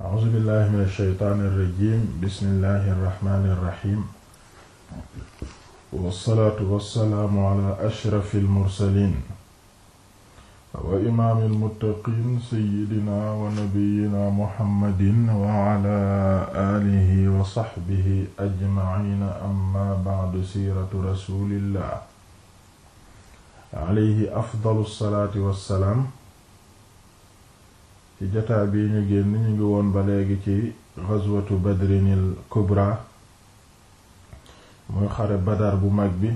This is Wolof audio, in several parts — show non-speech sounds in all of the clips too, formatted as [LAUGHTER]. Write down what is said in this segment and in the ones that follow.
a'uuzu billahi min ashaytaani irrajim bismillahi irrahmani irrahim wassalaatu wassalaamu ala ashrafi almursalin wa imaami almuttaqiin sayyidina wa nabiyina muhammadin wa ala aalihi wa saxbihi ajmaciina amma bacdu siiratu rasulillah alayhi afdalu salaati wassalaam ci jataa bi ñu génn ñu ngi woon ba léegi ci ghazwatu badrinil kubra muy xare badar bu mag bi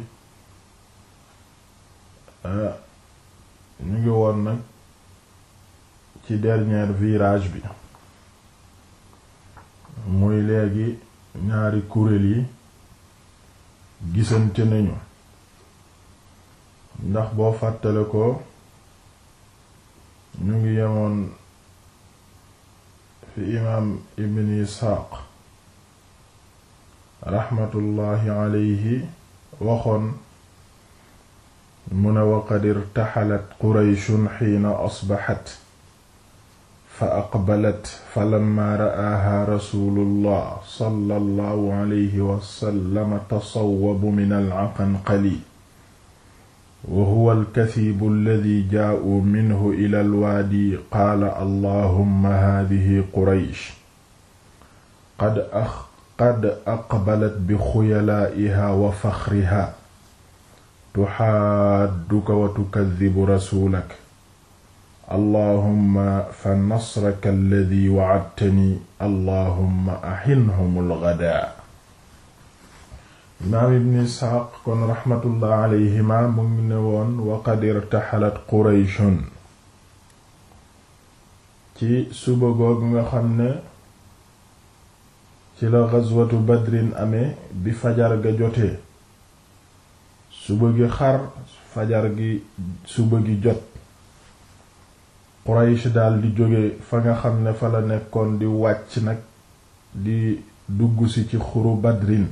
eh, ñu ngi woon nag ci dernier virage bi muy léegi ñaari kuréel yi gisante nañu ndax boo fàttale ko ñu ngi yemoon fi imaam ibn isxaaq raxmatullahi alayhi waxoon mu ne waqad irtaxalat qurayshun xiina asbaxat fa aqbalat fa lamma ra'aaha rasulullah sallallahu alayhi wa sallam tasawwabu min al aqanqali wa huwa alkasiibu alladi jaa'uu minhu ila alwaadi qaala allahumma haadihi quraysh qad a qad aqbalat bi xuyalaa'iha wa faxriha tuxaadduka wa tukadibu rasuulak allahumma fa nasraka alladi wacadtani allahumma axinhum algadaa imaam ibn isxaaq kon raxmatullah alayhima mu ngi ne woon waqad irtaxalat qurayshun ci suba googu nga xam ne ci la gazwatu badrin amee bi fajar ga jotee suba gi xar fajar gi suba gi jot quraysh dal di jóge fa nga xam ne fa la nekkoon di wàcc nag di dugg si ci xuru badrin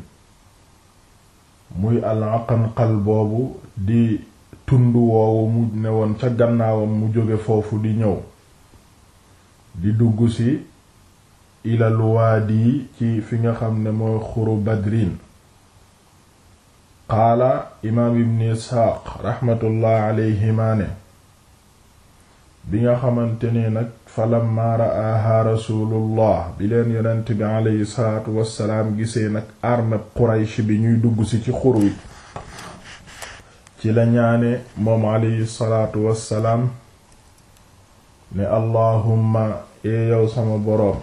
muy alaqanqal boobu di tund woowu mu ne woon ca gannaawam mu jóge foofu di ñëw di dugg si ilal waadi ci fi nga xam ne mooy xuru badrin qaala imaam ibn isxaaq raxmatullah alayhima ne bi nga xamante ne nag falamma ra'aha rasulullah bi leen yonent bi aleyhi salaatu wassalaam gisee nag armée Quraysh bi ñuy dugg ci xur wi ci la ñaane moom aleyhi salaatu wassalaam ne allahumma ee yow sama boroom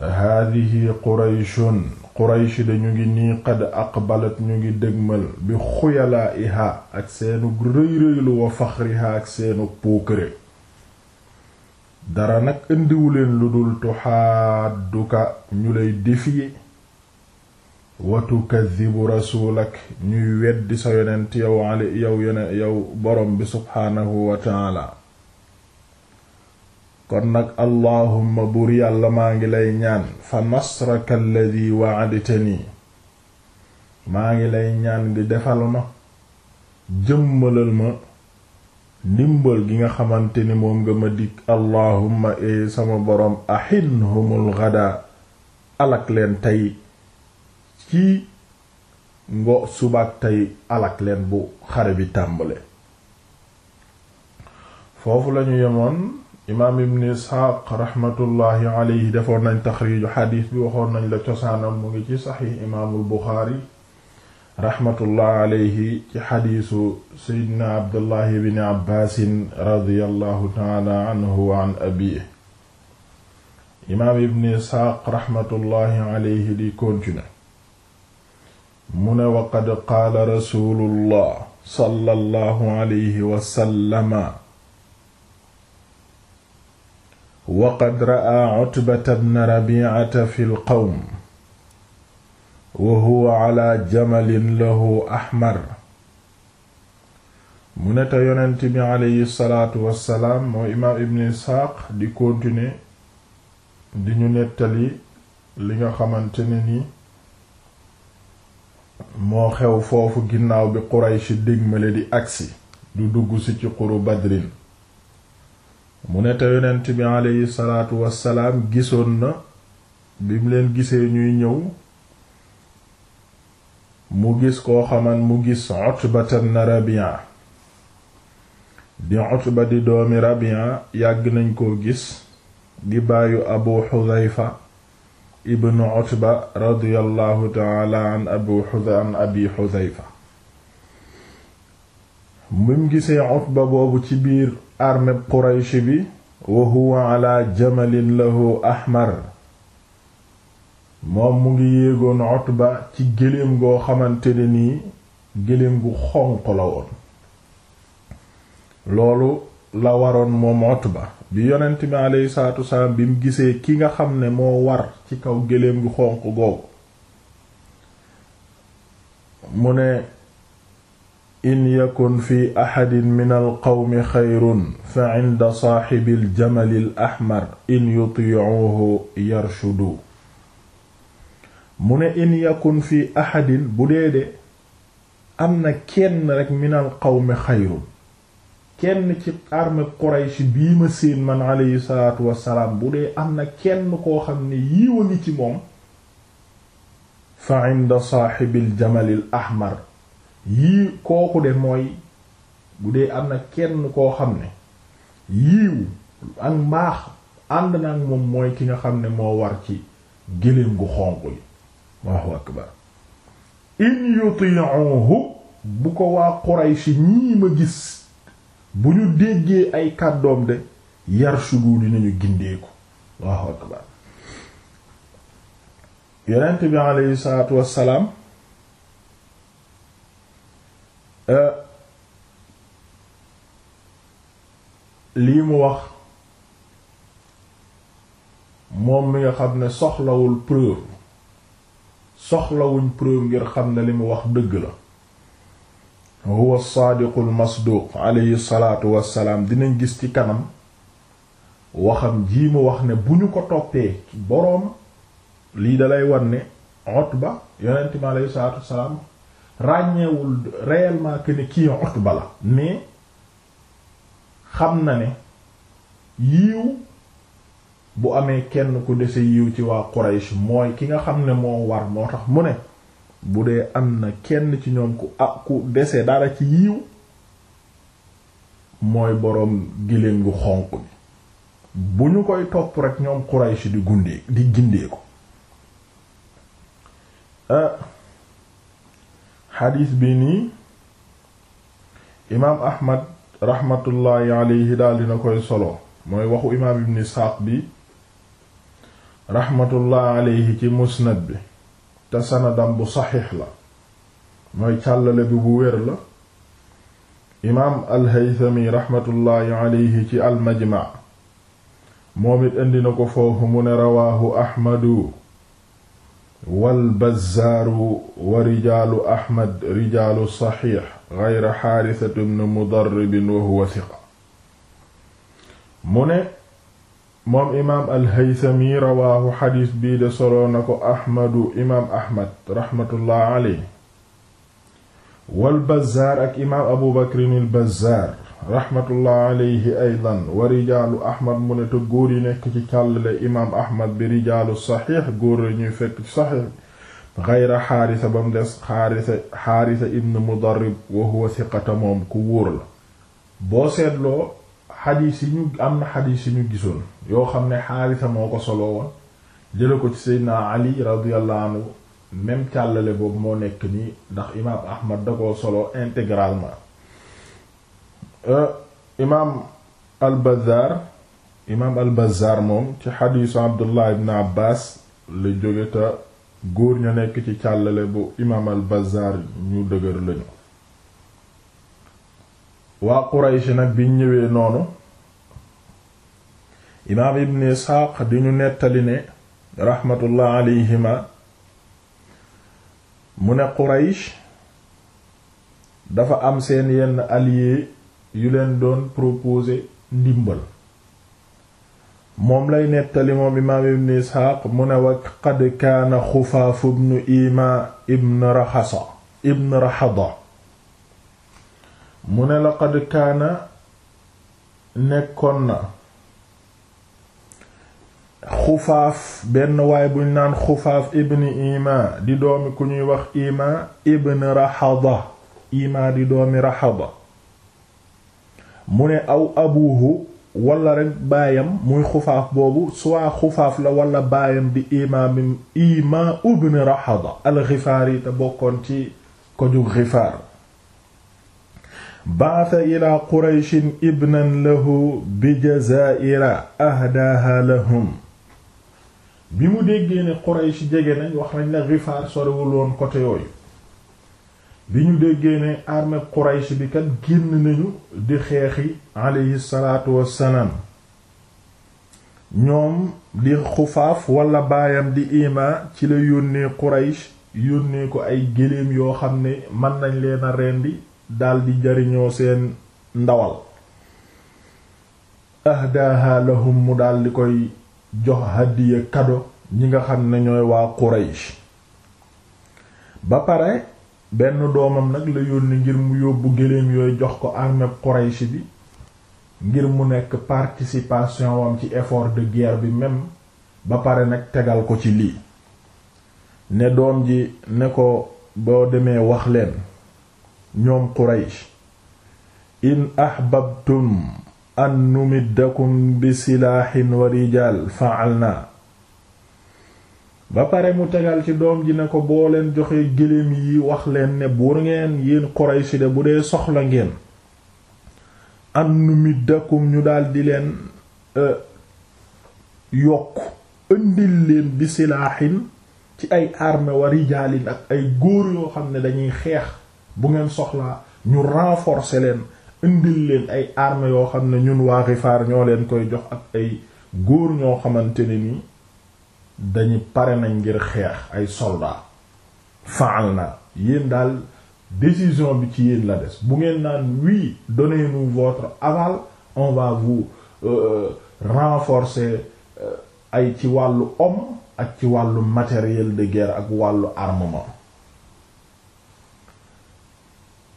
haadihi Qurayshun Quraysh dañu ngi nii qad aqbalat ñu ngi dégmal bi xuyalaaiha ak seenu rëy rëylu wa faxriha ak seenu puukare dara nag indiwuleen lu dul tuxaadduka ñu lay défier wa tukaddibu rasulak ñuy weddi sa yonent yow ale yow yone yow borom bi subhaanahu wa taala kon nag allahumma buur yàlla maa ngi lay ñaan fa nasraka alladi wa'adtani maa ngi lay ñaan di defal ma jëmmalal ma ndimbal gi nga xamante ni moom nga ma dig allahumma e sama boroom ahinhumul ghadaa alak leen tey ci ngo subaak tey alak leen bu xare bi tàmbale foofu lañu yemoon imaam ibn isxaaq raxmatullahi alayhi defoon nañ taxriiju xadiis bi waxoon nañ la cosaanal mu ngi ci saxiix imaamul buxaari raxmatullahi alayhi ci xadiisu seydina abdullahi bni abbaasin radiallahu taala anhu wa an abiih imaam ibn isxaaq raxmatullahi alayhi di continuer mu ne waqad qaala rasulullah sallallahu alayhi wasallama waqad ra'aa cutbata bna rabiicata fi lqawm wa huwa calaa jamalin lahu axmar mu ne te bi aleyhi di continuer di ñu nettali li nga xamante ne ni moo xew foofu ginnaaw bi quraysh dégmale di agsi du dugg si ci quru badrin mu ne te yonent bi aleyhi salaatu wassalaam gisoon na bim leen gisee ñuy ñëw mu gis koo xaman mu gis Utba ibn di Utba di doomi Rabi'a yàgg nañ koo gis di bàyyu Abu Hudhayfa ibn Utba radiyallahu ta'ala Abu Hudhayfa mim gisee Utba boobu ci biir armée Quraysh bi wa huwa ala jamalin lahu ahmar moom mu ngi yéegoon Utba ci gëléem goo xamante ne nii gëléem gu xonq la woon loolu la waroon moom Utba bi yonent bi aleyhi salaatu wasalaam bi gisee ki nga xam ne moo war ci kaw gëléem gu xonq googu in yakun fi axadin min alqawmi xayrun fa cinda saaxibil jamalil axmar in yutiicuhu yarshudu mu ne in yakun fi axadin bu dee de am na kenn rekk min alqawmi xayrun kenn ci armée Quraysh bii ma séen man aleyhi salaatu wassalaam bu dee am na kenn koo xam ne yiiwa ngi ci moom fa cinda saaxibil jamalil axmar yii kooku de mooy bu dee am na kenn koo xam ne yiiw ak mbaax ànd nag moom mooy ki nga xam ne moo war ci géléem gu xonq li Allahu akbar in yuti'uhu bu ko waa Quraysh ñii ma gis bu ñu déggee ay kàddoom de yarshudu dinañu gindeeku Allahu akbar yonent bi alayhi salaatu wassalaam Euh, lii mu wax moom mi nga xam ne soxlawul preuve soxlawuñ preuve ngir xam ne li mu wax dëgg la huwa saadiqu almasduuq alayhi salaatu wassalaam dinañ gis ci kanam waxam jii mu wax ne bu ñu ko toppee boroom lii dalay war ne Utba yonent mi alayhi salaatu wassalaam ràññeewul réellement que ne kii Utba la mais xam na ne yiiw bu amee kenn ku dese yiw ci waa Quraysh mooy ki nga xam ne moo war moo tax mu ne bu dee am na kenn ci ñoom ku ah ku dese dara ci yiw mooy boroom giléem gu xonq bi bu ñu koy topp rek ñoom Quraysh di gundee di gindee ko euh, xadiis bi nii imaam ahmad raxmatullaahi alayhi daal dina koy solo mooy waxu imaam ibn isxaaq bi raxmatullaahi alayhi ci musnad bi te sanadam bu saxiix la mooy càllale bi bu wér la imaam alhaythami raxmatullaahi alayhi ci almajmaa moom it indi na ko foofu mu ne rawaahu ahmadu walbazzaaru wa rijaalu ahmad rijaalu saxiix geyra xaarisatu bnu mudarribin wa huwa siqa mu ne moom imaam alhaytami rawaahu xadiis bii de soloo na ko ahmadu imaam ahmad raxmatullah aley walbazzaar ak imaam abu bakrin albazzaar rahmatullah alayhi aydan wa rijaalu ahmad mu ne te góor yi nekk ci càllale imaam ahmad bi rijaalu saxiix góor la ñuy fekk ci saxiix gayra xaarisa ba mu des xaarisa ibn mudarrib wa huwa siqata moom ku wóor la boo seetloo xadiis yi ñu am na xadiis yi ñu gisoon yoo xam ne xaarisa moo ko solo woon jële ko ci seydna ali radiyallahu anhu càllale boobu moo nekk nii ndax imaam ahmad da koo soloo intégralement Euh, imaam al-Bazzaar imaam al-Bazzaar moom ci xadiisu Abdullah ibn Abbas la jóge góor ña nekk ci càllale bu imaam al-Bazzaar ñu dëgër lañu waa Quraysh nag biñ ñëwee noonu imaam ibn Isxaaq di ñu nettali ne raxmatullah alayhima mu ne Quraysh dafa am seen yenn alliés yu leen doon proposer ndimbal moom lay nettali moom imaam ibn isxaaq mu ne wa qad kaana xufaaf ibn ima ibn raxada mu ne la qad kaana nekkoon na xufaaf benn waay buñ naan xufaaf ibn ima di doomi ku ñuy wax ima ibn raxada ima di doomi raxada mu ne aw abuhu wala rek baayam muy xufaaf boobu soit xufaaf la wala baayam di imaam imaam ibn Rahada al-Xifaari te bokkoon ci koju Xifaar ba'atha ila Qurayshin ibnan lahu bi jazaa'ira ahdaaha lahum bi mu déggee ne Quraysh jege nañ wax nañ la Xifaar sorewul woon côté yooyu bi ñu déggee ne armée Quraysh bi kat génn nañu di xeexi aleyhi salaatu wassalaam ñoom di xufaaf walla baayam di ima ci la yónnee Quraysh yónnee ko ay géléem yoo xam ne mën nañ leena a rendi daldi jariñoo seen ndawal ahdaaha lahum mu daldi koy jox hadiya kado ñi nga xam ne ñooy waa Quraysh ba pare benn doomam nag la yónni ngir mu yóbbu gëléem yooyu jox ko armée Quraysh bi ngir mu nekk participation ci effort de guerre bi même ba pare nag tegal ko ci lii ne doom ji ne ko boo demee wax leen ñoom Quraysh in ahbabtum an numiddakum bi silaahin wa rijaal fa'alna ba pare mu tegal ci doom ji ne ko boo leen joxee gëléem yi wax leen ne bu ngeen yéen Quraysh de bu dee soxla ngeen an numiddakum ñu daldi leen e, yokk ëndil leen bi silaahin ci ay armée wa rijaalin ak ay góor yoo xam ne dañuy xeex bu ngeen soxlaa ñu renforcer leen indil leen ay armée yoo xam ne ñun waa Gifaar ñoo leen koy jox ak ay góor ñoo xamante ne nii dañu pare nañ ngir xeex ay soldat faal na yéen daal décision bi ci yéen la des bu ngeen naan oui donnez-nous votre aval on va vous euh, euh, ay ci wàllu homme ak ci wàllu matériel de guerre ak wàllu armement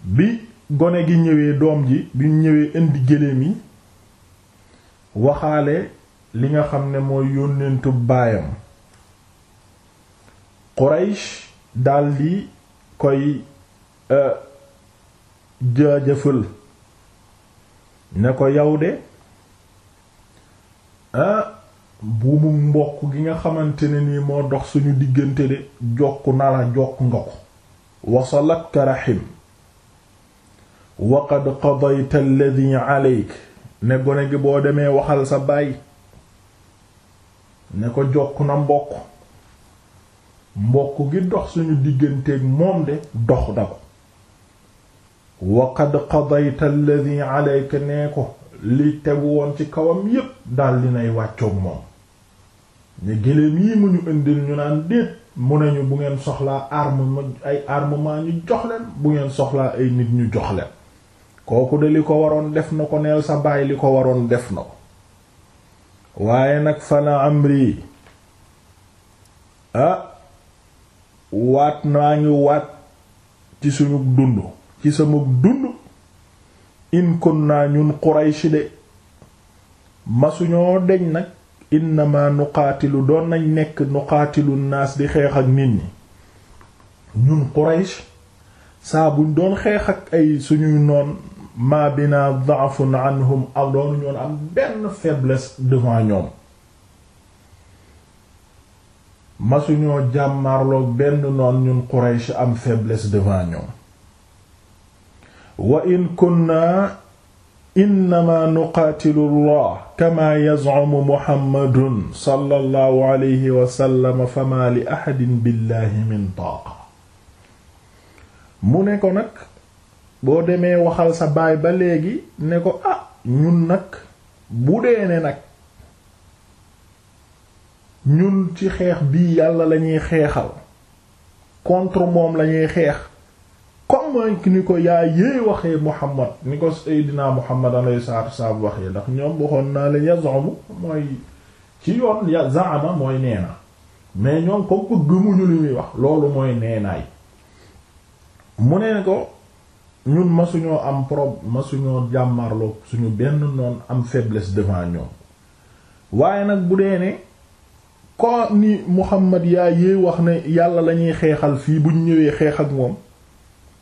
bi gone gi ñëwee doom ji bi ñëwee indi gëléem yi waxaale li nga xam ne mooy yónnentu baayam Quraysh daldi koy e, jaajëfal ne ko yow de e, buumu mbokk gi nga xamante ne nii moo dox suñu diggante de jokk na la jokk nga ko wasalaka rahim waqad qadayta alladhi alayk ne gone gi boo demee waxal sa baay ne ko jokk na mbokk mbokk gi dox suñu digganteeg moom de dox da ko wa qad qadayta alladhi alayka nee ko li tegu woon ci kawam yépp dal nay wàccoog moom ñu gëléem yi mu ñu indil ñu naan déet mu nañu bu ngeen soxlaa arme ay armement ñu jox bu ngeen soxlaa ay nit ñu jox leen kooku de li ko waroon def na ko neel sa baay li ko waroon def na ko waaye nag fana amri ah waat naa ngi waat ci suñu dund ci sama dund in naa ñun Quraysh de masuñoo deñ nag innama nuqaatilu doon nañ nekk nuqaatilu naas di xeex ak nit ñi ñun Quraysh saa buñ doon xeex ak ay suñuy noon ma bina da'fun anhum am doonu ñoon am benn faiblesse devant ñoom masuñoo jàmmarloog benn noon ñun Quraysh am faiblesse devant ñoom wa in kunna innama nuqaatilu allah kama yazcumu muhammadun sallallahu alayhi wa fama li ahadin billahi min taaqa mu ne ko nag boo demee waxal sa baay ba léegi ne ko ah ñun nag bu dee ne nag ñun ci xeex bii yàlla lañuy xeexal contre moom lañuy xeex comme ni ko yaa yee waxee Muhammad ni ko Seydina Muhammad alayhi salaatu wassalaam waxee ndax ñoom waxoon naa la yazamu mooy ci yoon ya mooy neena mais ñoom ko gëmuñu li muy wax loolu mooy neenaay mu ne ko ñun masuñoo am problème masuñoo jàmmarloo suñu benn noon am faiblesse devant ñoom waaye nag bu dee ne ko ni Muhammad yaa yee wax ne yàlla la ñuy xeexal fii bu ñu ñëwee xeex ak moom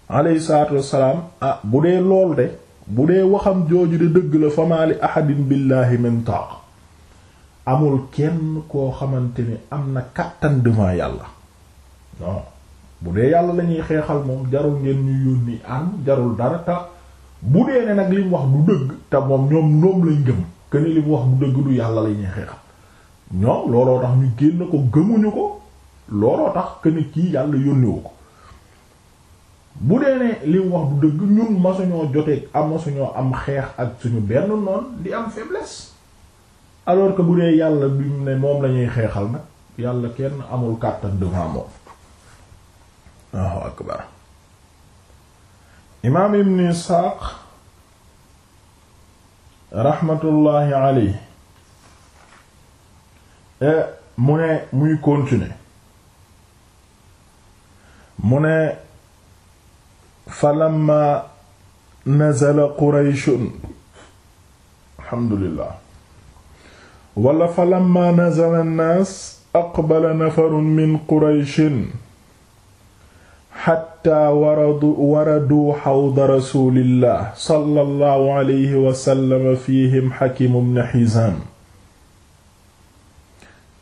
alayhi salaatu wassalaam ah bu dee lool de bu dee waxam jooju de dëgg la famaa li ahadin billahi min taaq amul kenn koo xamante ni am na kàttan devant yàlla bu dee yàlla la ñuy xeexal moom jarul ngeen ñu yónni an jarul dara ta bu dee ne nag li wax du dëgg te moom ñoom ñoom lañ gëm que ni wax du dëgg du yàlla la xeexal ñoom looloo tax ñu génn ko gëmuñu ko looloo tax que kii yàlla yónniwu ko bu dee ne li mu wax du dëgg ñun masuñoo jotee am masuñoo am xeex ak suñu benn noon di am faiblesse alors que bu dee yàlla bi mu ne moom la xeexal nag yàlla kenn amul kàttan devant moom waaw akbar imaam ibn Isaaq raxmatullaahi alayhi E, mu ne muy continuer mu ne falamma nazala qurayshun alhamdulillah wala falamma nazala an-nas aqbala nafarun min qurayshin xatta waradu waraduu xawda rasulillah sallallahu alayhi wa sallam fihim xakim ibn xizaam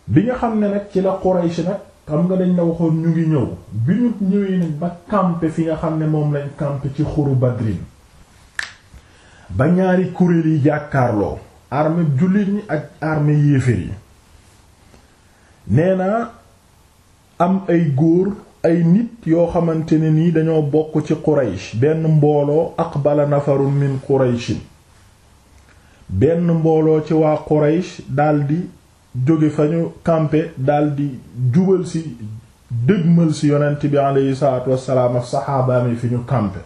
bi nga xam ne nag ci la Quraysh nag xam nga dañ la waxoon ñu ngi ñëw bi ñu ñëwee nag ba camper fi nga xam ne moom lañ camper ci xuru Badrin ba ñaari kuréel yi jàkkaarloo armée jullit ñi ak armée yéeféer yi nee na am ay góor ay nit yoo xamante ne nii dañoo bokk ci Quraysh benn mbooloo aqbala nafarun min Qurayshin benn mbooloo ci waa Quraysh daldi jóge fa ñu campé daldi jubal ci dëgmal ci yonent bi aleyhi salaatu wassalaam ak saxaabaam yi fi ñu campé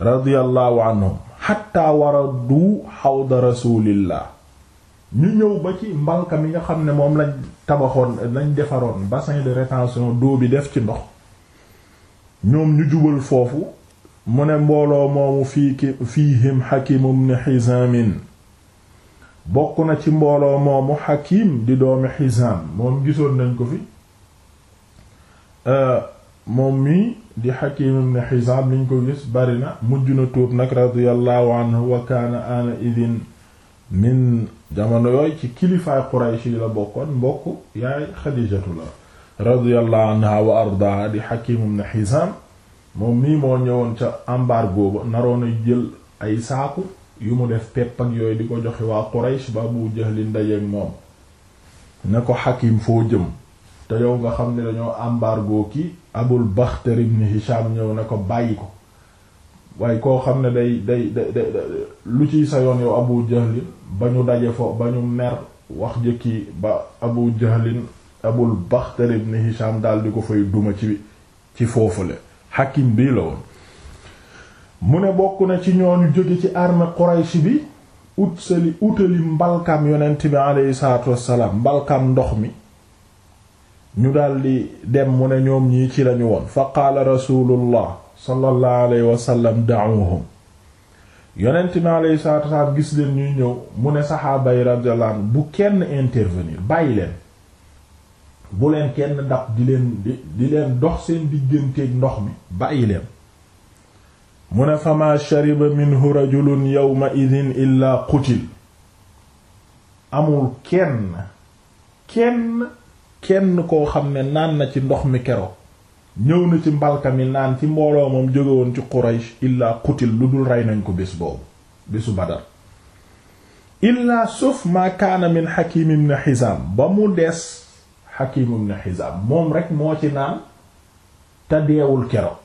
radiyallahu anhum xatta waradu xawda rasulillah ñu ñëw ba ci mbalka mi nga xam ne moom lañ tabaxoon lañ defaroon bassin de rétention doo bi def ci ndox ñoom ñu jubal foofu mu ne mbooloo moomu fii ki fiihim Hakim ibn Hizam bokk na ci mbooloo moomu Hakim di doomi Hizam moom gisoon nañ ko fi euh, moom mi di Hakim ibn Hizam liñ ko gis bari na mujj na tuub nag radiyallahu anhu wa kaana ana min jamono yooyu ci kilifaay Quraysh yi la bokkoon mbokk yaay Xadiijatu la radiyallahu anha wa ardaha di Hakim ibn Hizam moom mii moo ñëwoon ca embargo ba naroon a jël ay saaku yu mu def pepp ak yooyu di ko joxe waa Quraysh ba Abu Jahl ndajeek moom ne ko Hakim foo jëm te yow nga xam ne dañoo embargo kii Abul Bakhtari ibn Hisham ñëw ne ko bàyyi ko waaye koo xam ne day day day lu ciy sa yoon yow Abu Jahl ba ñu daje fo ba ñu mer wax jëkki ba Abu Jahl Abul Bakhtari ibn Hisham daal di ko fay duma ci ci foofule Hakim bii la woon mu ne bokk na ci ñooñu jóge ci armée Quraysh bi utsali utali mbalkam yonent bi aleyhi salaatu wassalaam mbalkam ndox mi ñu daldi dem mu ne ñoom ñii ci lañu woon fa qaala rasulullah sallallahu alayhi wasallam da'uhum yonent bi aleyhi salaatu wassalaam gis leen ñuy ñëw mu ne saxaaba yi radiyallahu bu kenn intervenir bàyyi leen bu leen kenn ndax di leen di leen dox seen digganteeg ndox mi bàyyi leen mu ne famaa shariba minhu rajulun yawma idin illaa qutil amul kenn kenn kenn koo xam ne naan na ci ndox mi keroog ñëw na ci mbalka mi naan ci mbooloo moom jóge woon ci Quraysh illaa qutil lu dul rey nañ ko bés boobu bésu Badar illaa sauf ma kaana min Hakim ibn Hizam ba mu des Hakim ibn Hizam moom rekk moo ci naan te deewul keroog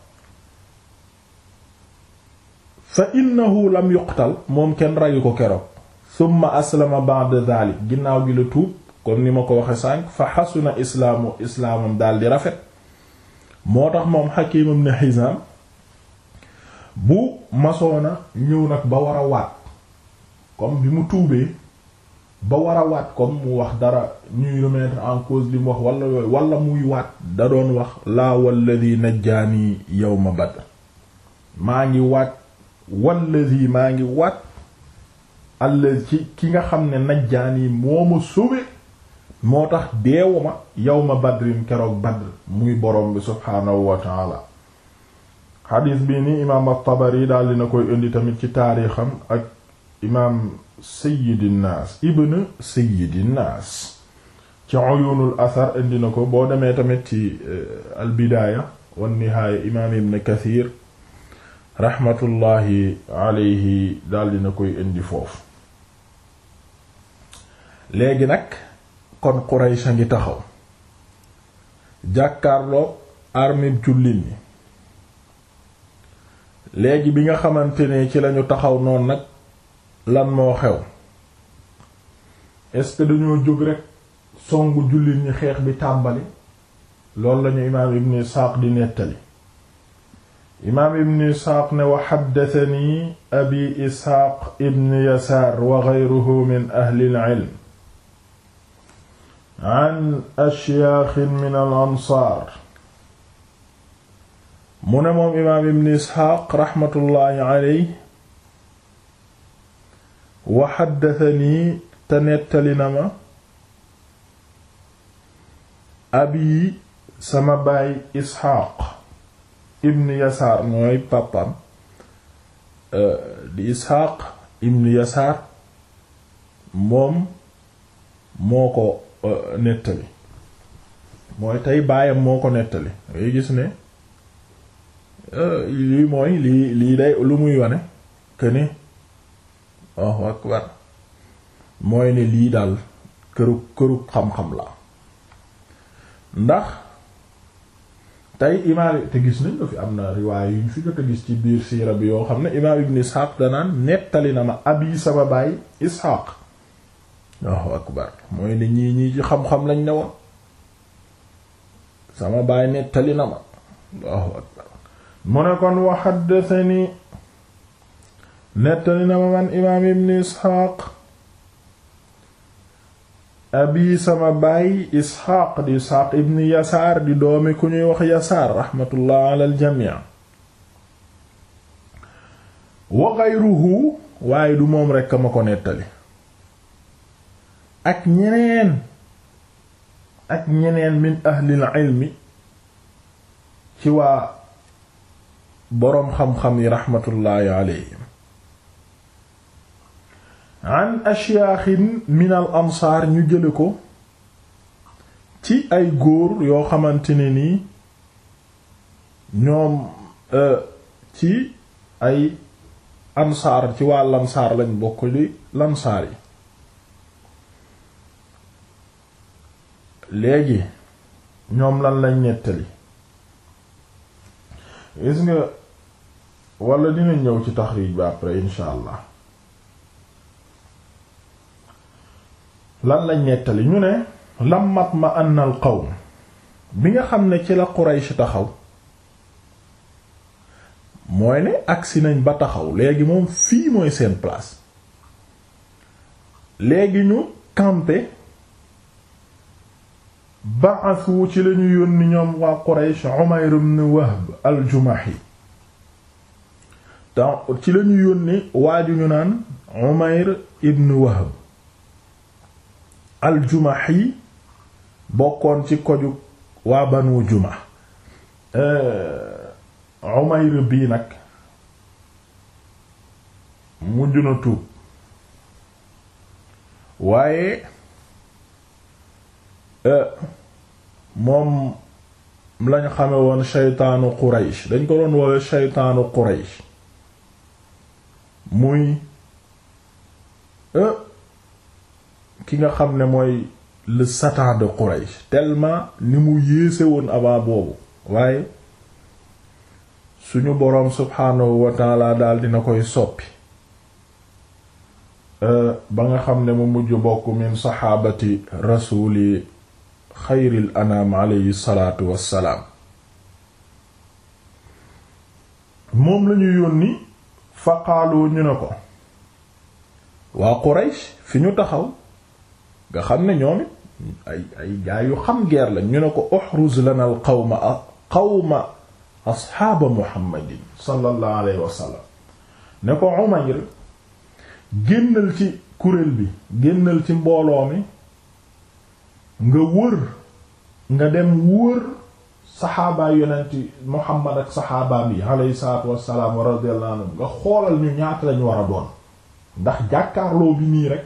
fa innahu lam yuqtal moom kenn reyu ko keroog summa aslama ba'da dhalik ginnaaw gi la tuub comme ni ma ko waxee sànq fa xasuna islaamu islaamam daal di rafet moo tax moom Hakim ibn Hizam bu masoona ñëw nag ba war a waat comme bi mu tuubee ba war waat comme mu wax dara ñuy remettre en cause li mu wax wala yooyu wala muy waat da doon wax laa walladhi najjaani yawma Badr maa ngi waat wallazi maa ngi waat allazi ci ki nga xam ne najjaani moo ma sauvé moo tax ma yawma badrin keroog badr muy borom bi subhaanahu wa taala xadiis bi ni imaam at-Tabari daal dina koy indi tamit ci taarixam ak imaam sayyidi nnaas ibn sayyidi nnaas ci uyuunul athar indi na ko boo demee tamit ci eh, al bidaaya wan nihaaya imaam ibn kathir raxmatullahi alayhi daal na koy indi foofu léegi nag kon Quraysh a ngi taxaw jàkkaarloo armée jullit ñi léegi bi nga xamante ne ci lañu taxaw noon nag lan moo xew est-ce que dañoo jóg rek songu jullit ñi xeex bi tàmbali loolu lañu imaam Ibn Isaaq di nettali imaam ibn isxaaq ne wa xaddatani abi isxaaq ibn yasaar wa geyruhu min ahli ilcilm an ashyaaxin min al ansaar mu ne moom imaam ibn isxaaq raxmatullaahi aley wa xaddatani te nettali na ma abi sama baay isxaaq ibn yasaar mooy pàppam euh, di isxaaq ibn yasaar moom moo ko euh, nettali mooy tey baayam moo ko nettali ngay euh, lii lu muy wane que ni oh akbar mooy ne lii daal këru këru xam-xam la ndax tey imaam te gis nañ fi am na riwaay yu fi jot gis ci biir siira bi yoo xam ne imaam ibn Isxaaq danaan nettali na ma abi sama baay Isxaaq waaw akbar mooy ne ñii ñii ci xam-xam lañ ne woon sama baay nettali na ma waaw akbar mu ne kon wa haddathani nettali na ma man imaam ibn Isxaaq abi sama baay isxaaq di isxaaq ibn yasaar di doomi ku ñuy wax yasaar raxmatullah ala aljamii wa gayruhu waaye du moom rekk a ma ko nettali ak ñeneen ak ñeneen min ahlil ilmi ci waa boroom xam-xam yi raxmatullaahi alayhim an ashyaaxin min al ansaar ñu jële ko ci ay góor yoo xamante ne nii ñoom euh, ci ay ansaar ci waa lansaar lañ bokk li lansaar yi léegi ñoom lan lañ nettali gis nga wala dina ñëw ci tax taxriij ba après insha allah lan lañ nettali ñu ne lammat ma annal qawm bi nga xam ne ci la Quraysh taxaw mooy ne agsi nañ ba taxaw léegi moom fii mooy seen place léegi ñu campé ba'athu ci lañu yónni ñoom waa Quraysh Umayr al Wahb yi jumahi ci lañu yónni waa juñu naan Umayr juma aljumahi bokkoon ci koju waa banu juma eh, umayr bii nag mu na tuub waaye eh, moom lañ xame woon shaytaanu quraysh dañ ko doon woowee shaytaanu quraysh muy eh, ki nga xam ne mooy le satan de Quraysh tellement ni mu yéese woon avant boobu waaye suñu boroom subhaanahu wa taala daal dina koy soppi euh, ba nga xam ne mu mujj bokk min saxaabati rasuli xayril anaam alayhi salaatu wassalaam moom lañu yónni fa qaalu ñu ne ko waa Quraysh fi ñu taxaw nga xam ne ñoom ay ay gaay yu xam geer la ñu ne ko uhruz lana al qawma qawma asxaaba muhammadin sallallahu alayhi wa sallam ne ko Umayr génnal ci kuréel bi génnal ci mbooloo mi nga wër nga dem wër saxaabaa yonenti muhammad ak saxaabaam yi alayhi salaatu wassalaam wa radiyallahu anhum nga xoolal ñu ñaata lañu war a doon ndax jàkkaarloo bi nii rek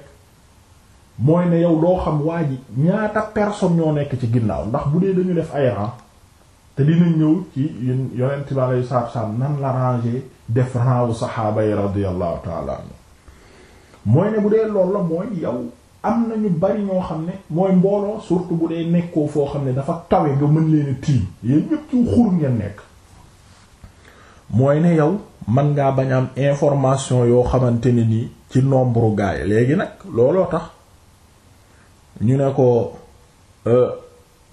mooy ne yow doo xam waa ji ñaata personne ñoo nekk ci ginnaaw ndax bu dee dañu def ay rang te dina ñëw ci yonent bi alayhi salaatu salaam nan la rangé def rang wu saxaaba yi radiyallahu ta'ala mooy ne bu dee lool la mooy yow am na ñu bari ñoo xam ne mooy mbooloo surtout bu dee nekkoo foo xam ne dafa tawe nga mën leen a tiim yéen ci xur ngeen nekk mooy ne yow man ngaa bañ am information yoo xamante ne nii ci nombre gaay léegi nag looloo tax. ñu ne ko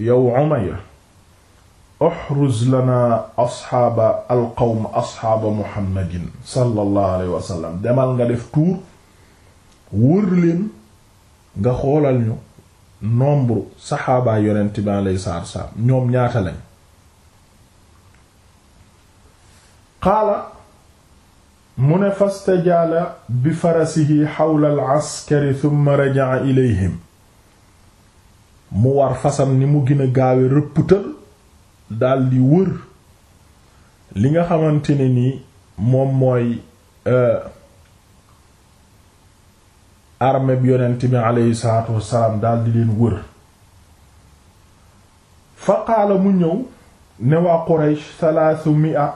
yow Umayr oxruz lana asxaaba alqawm asxaaba muhammadin sallallahu alayhi wa sallam demal nga def tuur wër leen nga xoolal ñu nombre saxaabaa yonent bi alayhi salaatu ñoom ñaata lañ qaala mu ne fastajaala bi farasihi xawla al askari thumma raja'a mu war fasam ni mu gën a gaawe rëpptal daldi wër li nga xamante ne ni moom mooy euh, armée bi yonent bi aleyhi salaatu wassalaam daldi leen wër fa qaala mu ñëw ne waa Quraysh salaasu mi'a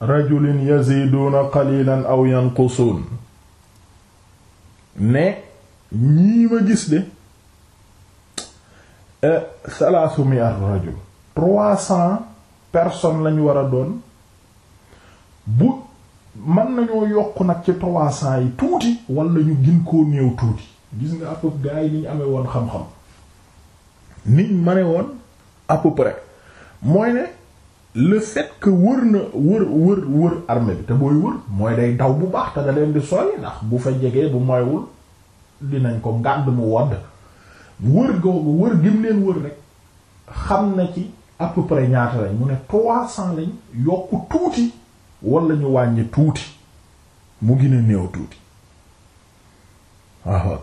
rajulin yaziduuna qalilan aw yanqusuun ne ñii ma gis de Euh, salaasu mi'a rajul trois cents personnes lañu war a doon bu mën nañoo yokk nag ci trois yi tuuti wala ñu gën koo néew tuuti gis nga à peu près gars woon xam-xam niñ ma ne woon à peu près mooy ne le fait que wër na wër wër wër armée bi te booy wër mooy day daw bu baax te da leen di sori ndax bu fa jegee bu maywul dinañ ko ngàdd mu wodd wër googu wër gim leen wër rek xam na ci à peu ñaata lañ mu ne trois cents lañ yokku tuuti wala ñu wàññi tuuti mu gën a néew tuuti waaw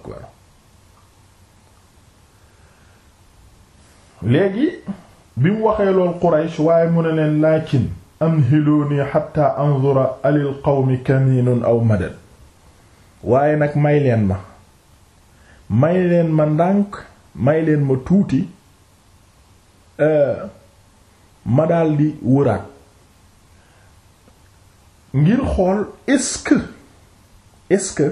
léegi bi mu waxee lool Quraysh waaye mu ne leen am xatta amhiluuni hatta anzura alil qawmi kaninun aw madad waaye nag may leen ma may leen ma ndànk may leen ma tuuti euh, ma daldi wëraat ngir xool est-ce que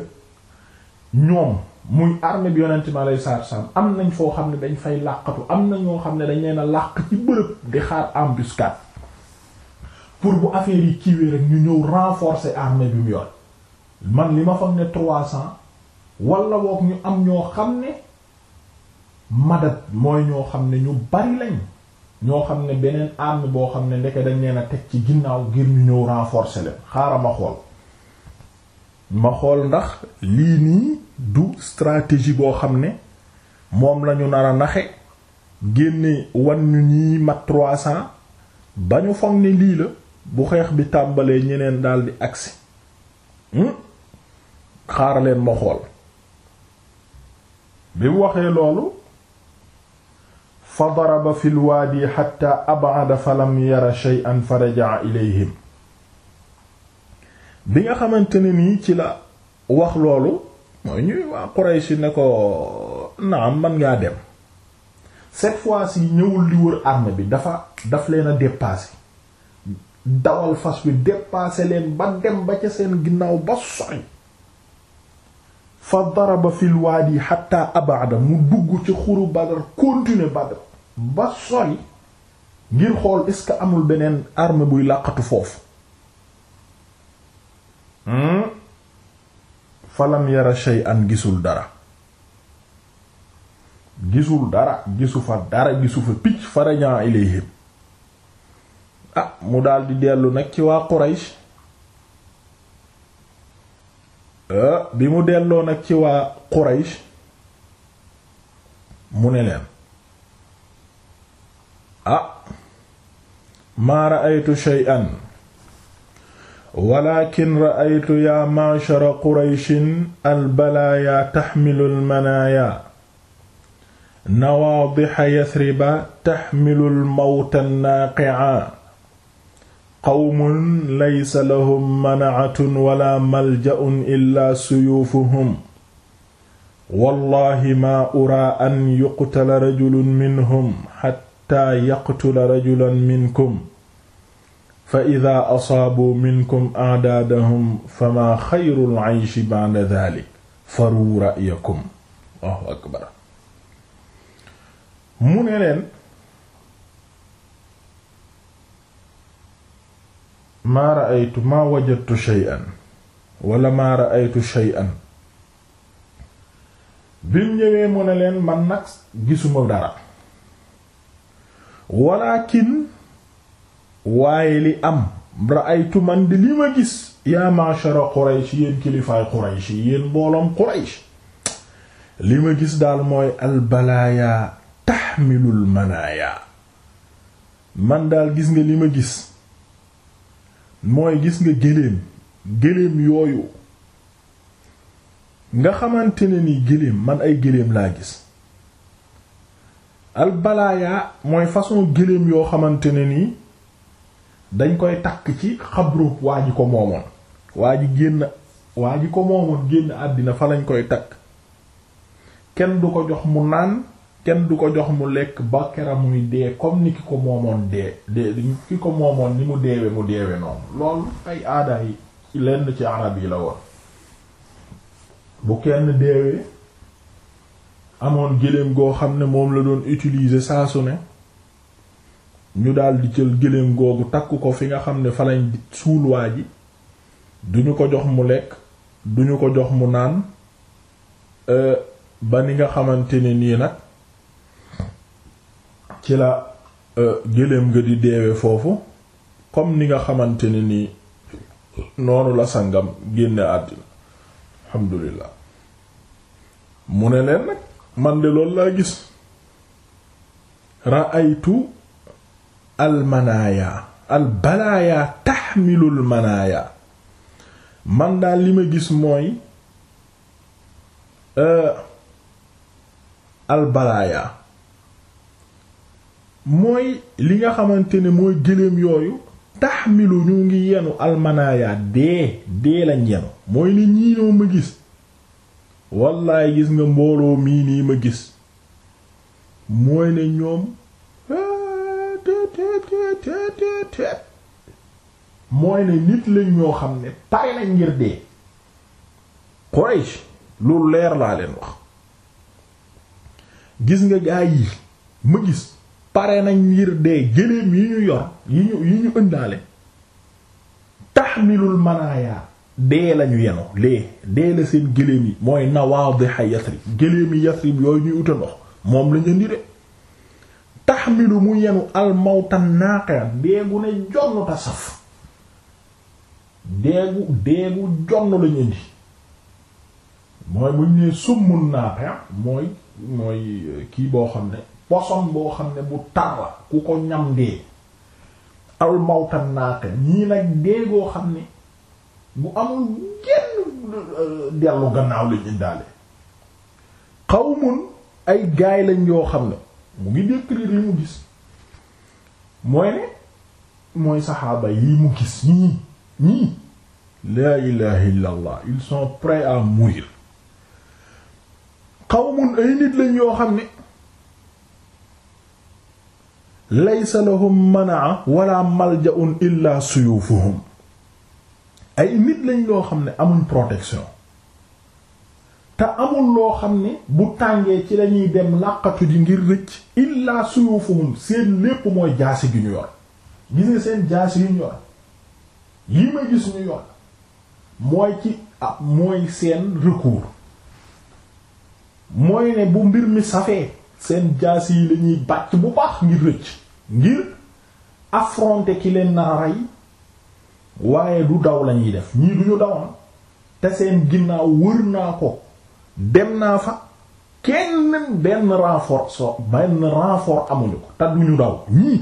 ñoom muy armée bi yonent ma lay saar saam am nañ foo xam ne dañ fay làqatu am na ñoo xam ne dañ leen a làq ci bërëb di xaar embuscade pour bu affaire yi kiiwee rek ñu ñëw renforcer armée bi mu yor man li ma foog ne trois cents wala woog ñu am ñoo xam ne madat mooy ñoo xam ne ñu bari lañ ñoo xam ne beneen arme boo xam ne ndeke dañ leen a teg ci ginnaaw ngir ñu ñëw renforcer leen xaaral ma xool ma xool ndax lii nii du stratégie boo xam ne moom lañu nar a naxe génne wan ñu ñii mat trois cents ba ñu foog ne lii la bu xeex bi tàmbalee ñeneen daldi agsi hmm? xaaraleen ma xool bi mu waxee loolu fa daraba fi lwaadi xatta ab'ada fa lam yara shay'an fa rajaa ilayhim bi nga xamante ne nii ci la wax loolu mooy ñuy waa Quraysh ne ko naam man ngaa dem cette fois-ci ñëwul li wër arme bi dafa daf leen a dépassé dawal fas wi dépassé leen ba dem ba ca seen ginnaaw ba soy fa daraba fil waadi xatta abada mu dugg ci xuru Badr continuer Badr ba sori ngir xool est-ce que amul beneen arme buy làqatu foofu hmm? falam yara shay'an gisul dara gisul dara gisu fa dara gisu fa picc farañaa ilayhim ah mu daldi dellu nag ci waa Quraysh Euh, bi mu delloo nag ci waa Quraysh mu ne leen ah maa ra'aytu shay'an walakin ra'aytu yaa ma'shara qurayshin albalaayaa taxmilu almanaayaa nawaadixa yasriba taxmilu almawta annaaqi'a qawmun laysa lahum manaatun wala malja'un illaa suyuufuhum wallahi maa uraa an yuqtala rajulun minhum xatta yaqtula rajulan minkum fa ida asaabu minkum aadaadahum famaa xayrul ayshi ba'da daalik faruu ra'yakum Allahu akbar mu ne leen maa ra'aytu maa wajadtu shay'an wala maa ra'aytu shay'an bim ñëwee mu ne leen man nag gisuma dara walakin waaye li am ra'aytu man di li ma gis yaa ma'shara Quraysh yéen kilifaay Quraysh yéen mbooloom Quraysh li ma gis daal mooy albalaaya taxmilul manaaya man daal gis nga li ma gis mooy gis nga géléem géléem yooyu nga xamante ne ni géléem man ay géléem laa gis albalaya mooy façon géléem yoo xamante ne ni dañ koy takk ci xabru waa ji ko moomoon waa ji génn waa ji ko moomoon génn àddina fa lañ koy takk kenn du ko jox mu naan kenn du ko jox mu lekk ba kera muy dee comme ni ki ko moomoon dee dee ki ko moomoon ni mu deewe mu deewe noonu loolu ay aada yi lenn ci arab yi la woon bu kenn deewee amoon gëléem goo xam ne moom la doon utiliser saa su ne ñu daldi jël gëléem googu takk ko fi nga xam ne fa lañ suul waa ji duñu ko jox mu lekk duñu ko jox mu naan euh, ba ni nga xamante ne nii nag ci la euh, gëléem nga di deewe foofu comme ni nga xamante ne nii noonu la sangam génne àddina alhamdulillah mu ne leen nag man de loolu laa gis aytu almanaaya albalaaya taxmilul manaaya man daal li ma gis mooy euh, albalaaya mooy li nga xamante ne mooy gëléem yooyu taxmilu ñu ngi yenu almanaya dee dee lañ yenu mooy ne ñiinoo ma gis wallaay gis nga mbooloo mii nii ma gis mooy ne ñoom ah, mooy ne nit lañ ñoo xam ne pare lañ ngir dee Quraysh lu leer laa leen wax gis nga gaa yi ma gis pare nañ ngir dee géléem yi ñu yor yi ñu ëndaale taxmilul manaaya dee lañu yeno lee dee la seen géléem yi mooy nawaadiha yasrib géléem yi yasrib yooyu ñuy uta ndox moom lañu indi de taxmilu mu yenu almawtan naaqir deegu ne jonn saf deegu deegu jonn lañu indi mooy buñ ne summul naaqir mooy mooy kii boo xam ne poison boo xam ne bu tar la ku ko ñam dee al ñii nag dee goo xam ne bu amul genn euh, dellu gannaaw lañu indaale qawmun ay gaay lañ yoo xam ne mu ngi décrire li mu gis mooy ne mooy saxaaba yi mu gis ñii ñii laa ilaha illa allah ils sont prêts à mourir qawmun ay nit lañ yoo xam ne laysa lahum manaa wala malja'un illa suyufuhum ay nit lañ loo xam ne amul protection te amul loo xam ne bu tàngee ci lañuy dem làqatu ji ngir rëcc illaa suyufuhum seen lépp mooy jaasi gi ñu yor gis nga seen jaasi yi ñu yor yi ma gis ñu yor mooy ci ab ah, mooy seen recours mooy ne bu mbir mi safee seen jaas yi lañuy bàcc bu baax ngir rëcc ngir affronter ki leen nar rey waaye du daw lañuy def ñii du ñu dawoon te seen ginnaaw wër naa ko dem naa fa kenn benn renfort so benn renfort amuñu ko te duñu daw ñii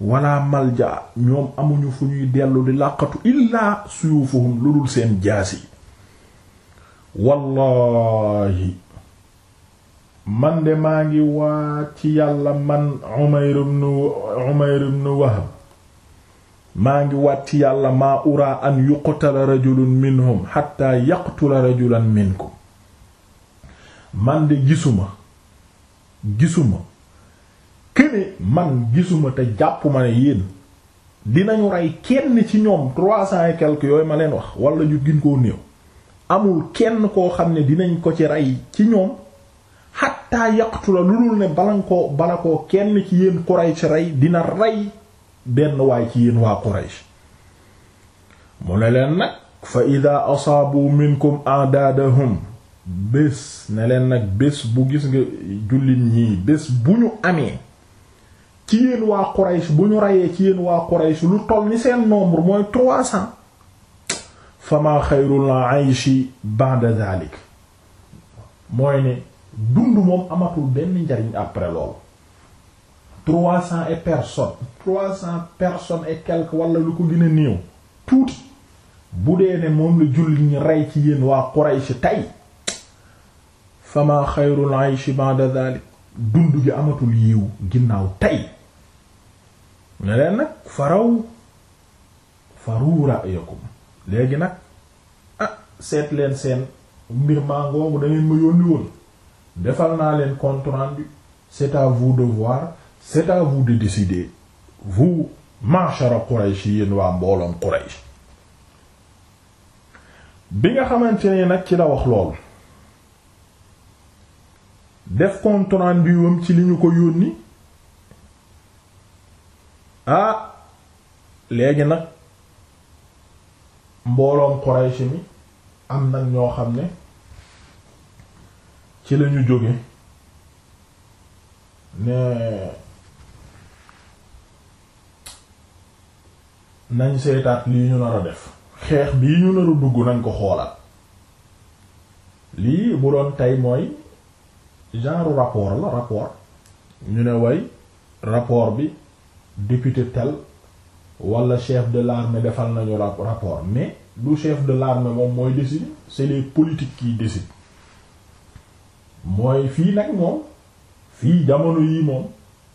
wala malja ñoom amuñu fu ñuy dellu di làqatu illaa suyufuhum lu dul seen jaas yi wallahi man de maa ngi waat ci yàlla man Umayr ibn Umayr ibn Wahb maa ngi waat ci yàlla ma uraa an yuqtala rajulun minhum hatta yaqtula rajulan minkum man de gisuma gisuma këne man gisuma te jàppuma ma ne yéen dinañu rey kenn ci ñoom trois cent et yooyu ma leen wax wala ñu gin koo néew amul kenn koo xam ne dinañ ko ci rey ci ñoom xatta yaqtula lu dul ne balan koo kenn ci yéen Quraysh rey dina rey benn waay ci yéen waa Quraysh mu ne leen nag fa ida asaabu minkum adaadahum bés ne leen nag bés bu gis nga jullit ñii bés bu ñu amee ci yéen waa Quraysh bu ñu reyee ci yéen waa Quraysh lu toll ni seen nombre mooy trois cents fama xayrul aishi ba'da dhalik mooy ne dund moom amatul benn njariñ après loolu trois cents et personnes trois cents personnes et quelques wala lu ko gën néew tuuti bu dee ne moom la jullit ñi rey ci yéen waa Quraysh tey fama xayrul ayshi ba'da dhalik dund gi amatul yiw ginnaaw tey ne leen nag faraw faru ra'yakum léegi nag ah seet seen mbir maa ngoomu dangeen ma yónni woon defal naa leen contrant rendu c'est à vous de voir c'est à vous de décider vous ma'shara Quraysh yéen waa mbooloom Quraysh bi nga xamante ni nag ci la wax lool def compte rendu wam ci li ñu ko yónni ah léegi nag mbooloom Quraysh mi am nag ñoo xam ne ci lañu jóge ne nañ seetaat lii ñu nar a def xeex bii ñu nar dugg nañ ko xoolaat lii bu doon tey mooy genre rapport la rapport ñu ne way rapport bi député tel walla chef de l'armée defal nañu rapport mais du chef de l'armée moom mooy décider c'est les politiques qui décident mooy fii nag moom fii jamono yii moom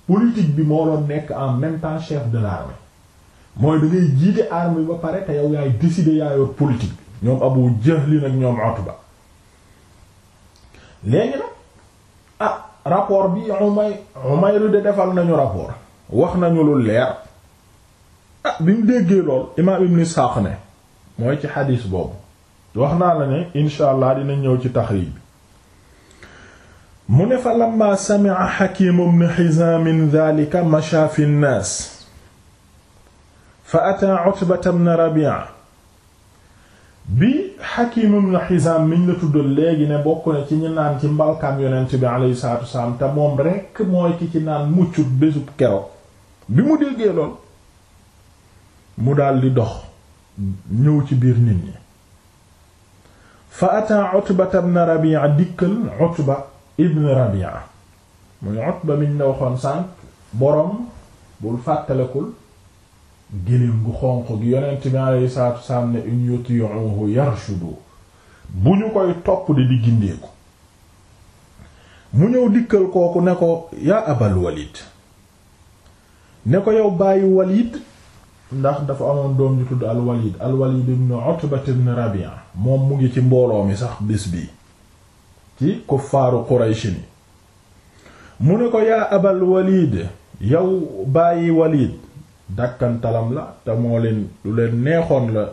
politique bi moo doon nekk en même temps chef de l'armée mooy da ngay jiite armée ba pare te yow yaay décider yaa yor politique ñoom Abu Jahl nag ñoom ah, bi Umay Umayr de defal nañu rapport wax nañu lu leer ah bi mu déggee lool imaam Ibn Ishaq ne mooy ci xadiis boobu wax naa la ne insha allah dina ñëw ci taxriij bi mu ne fa lamma sami'a Hakim ibn Hizam dhalika masha fi an fa ataa Utba ibn bi Hakim ibn Hizam miñ la tuddal léegi ne bokk na ci ñu naan ci mbalkaam yonent bi alayhi salaatu wasalaam te moom rekk mooy ki ci naan muccut bésub kero bi mu déggee lool mu daldi dox ñëw ci biir nit ñi fa ataa Utba ibn dikkal Utba ibn Rabi'a muy Utba miñ la waxoon sànq boroom bul fàttalekul géléem gu xonq gi yonent bi alayhi salaatu wasalaam ne in yuti'uhu yarshudu bu ñu koy topp di di gindeeku mu ñëw dikkal kooku ne ko yaa abal walid ne ko yow bàyyi walid ndax dafa amoon doom ju tudd al walid al walid ibn Utba ibn Rabi'a moom mu ngi ci mbooloo mi sax bis bi ci kuffaaru Quraysh ni mu ne ko yaa abal walid yow bàyyi walid dàkkantalam la te moo leen lu leen neexoon la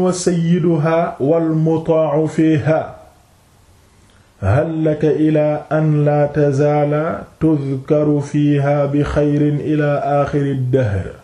wa sayyiduha fiha hal laka ila an la tazaala tudkaru fiha bi xayrin ila aaxiri dahr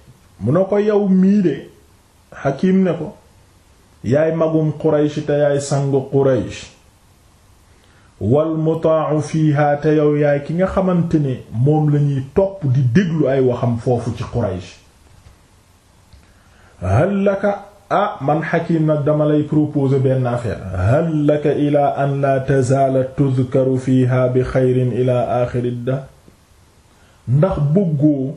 mu ne ko yow mii de Hakim ne ko yaay magum Quraysh te yaay sangu Quraysh wal muta'u fiha te yow yaay ki nga xamante ne moom la ñuy topp di déglu ay waxam foofu ci Quraysh hal laka ah man Hakim nag dama lay proposer benn affaire hal laka ila an la tazaala tuzkaru fiha bi xayrin ila axiri da ndax bëggoo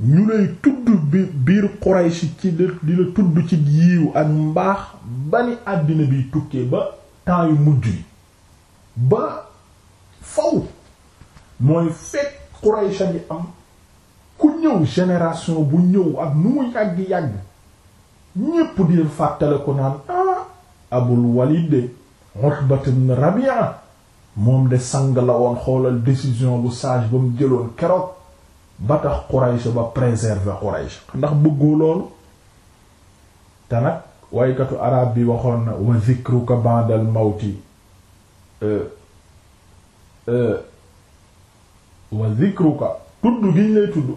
ñu lay tudd bi biir Quraysh ci di la tudd ci yiiw ak mbaax ba ni àddina biy tukkee ba temps yu mujj yi ba faw mooy fekk Quraysh yi am ku ñëw génération bu ñëw ak nu mu yàgg-yàgg ñépp di fàttale ko naan ah Abul Walid de Utbat ibn Rabi'a moom de sang la woon xoolal décision bu sage ba mu jëloon keroog ba tax Quraysh ba préserver Quraysh ndax bëggoo loolu te nag waykatu arab bi waxoon na wa zikruka ba'dal mawti euh, euh, wa zikruka tudd giñ lay tudd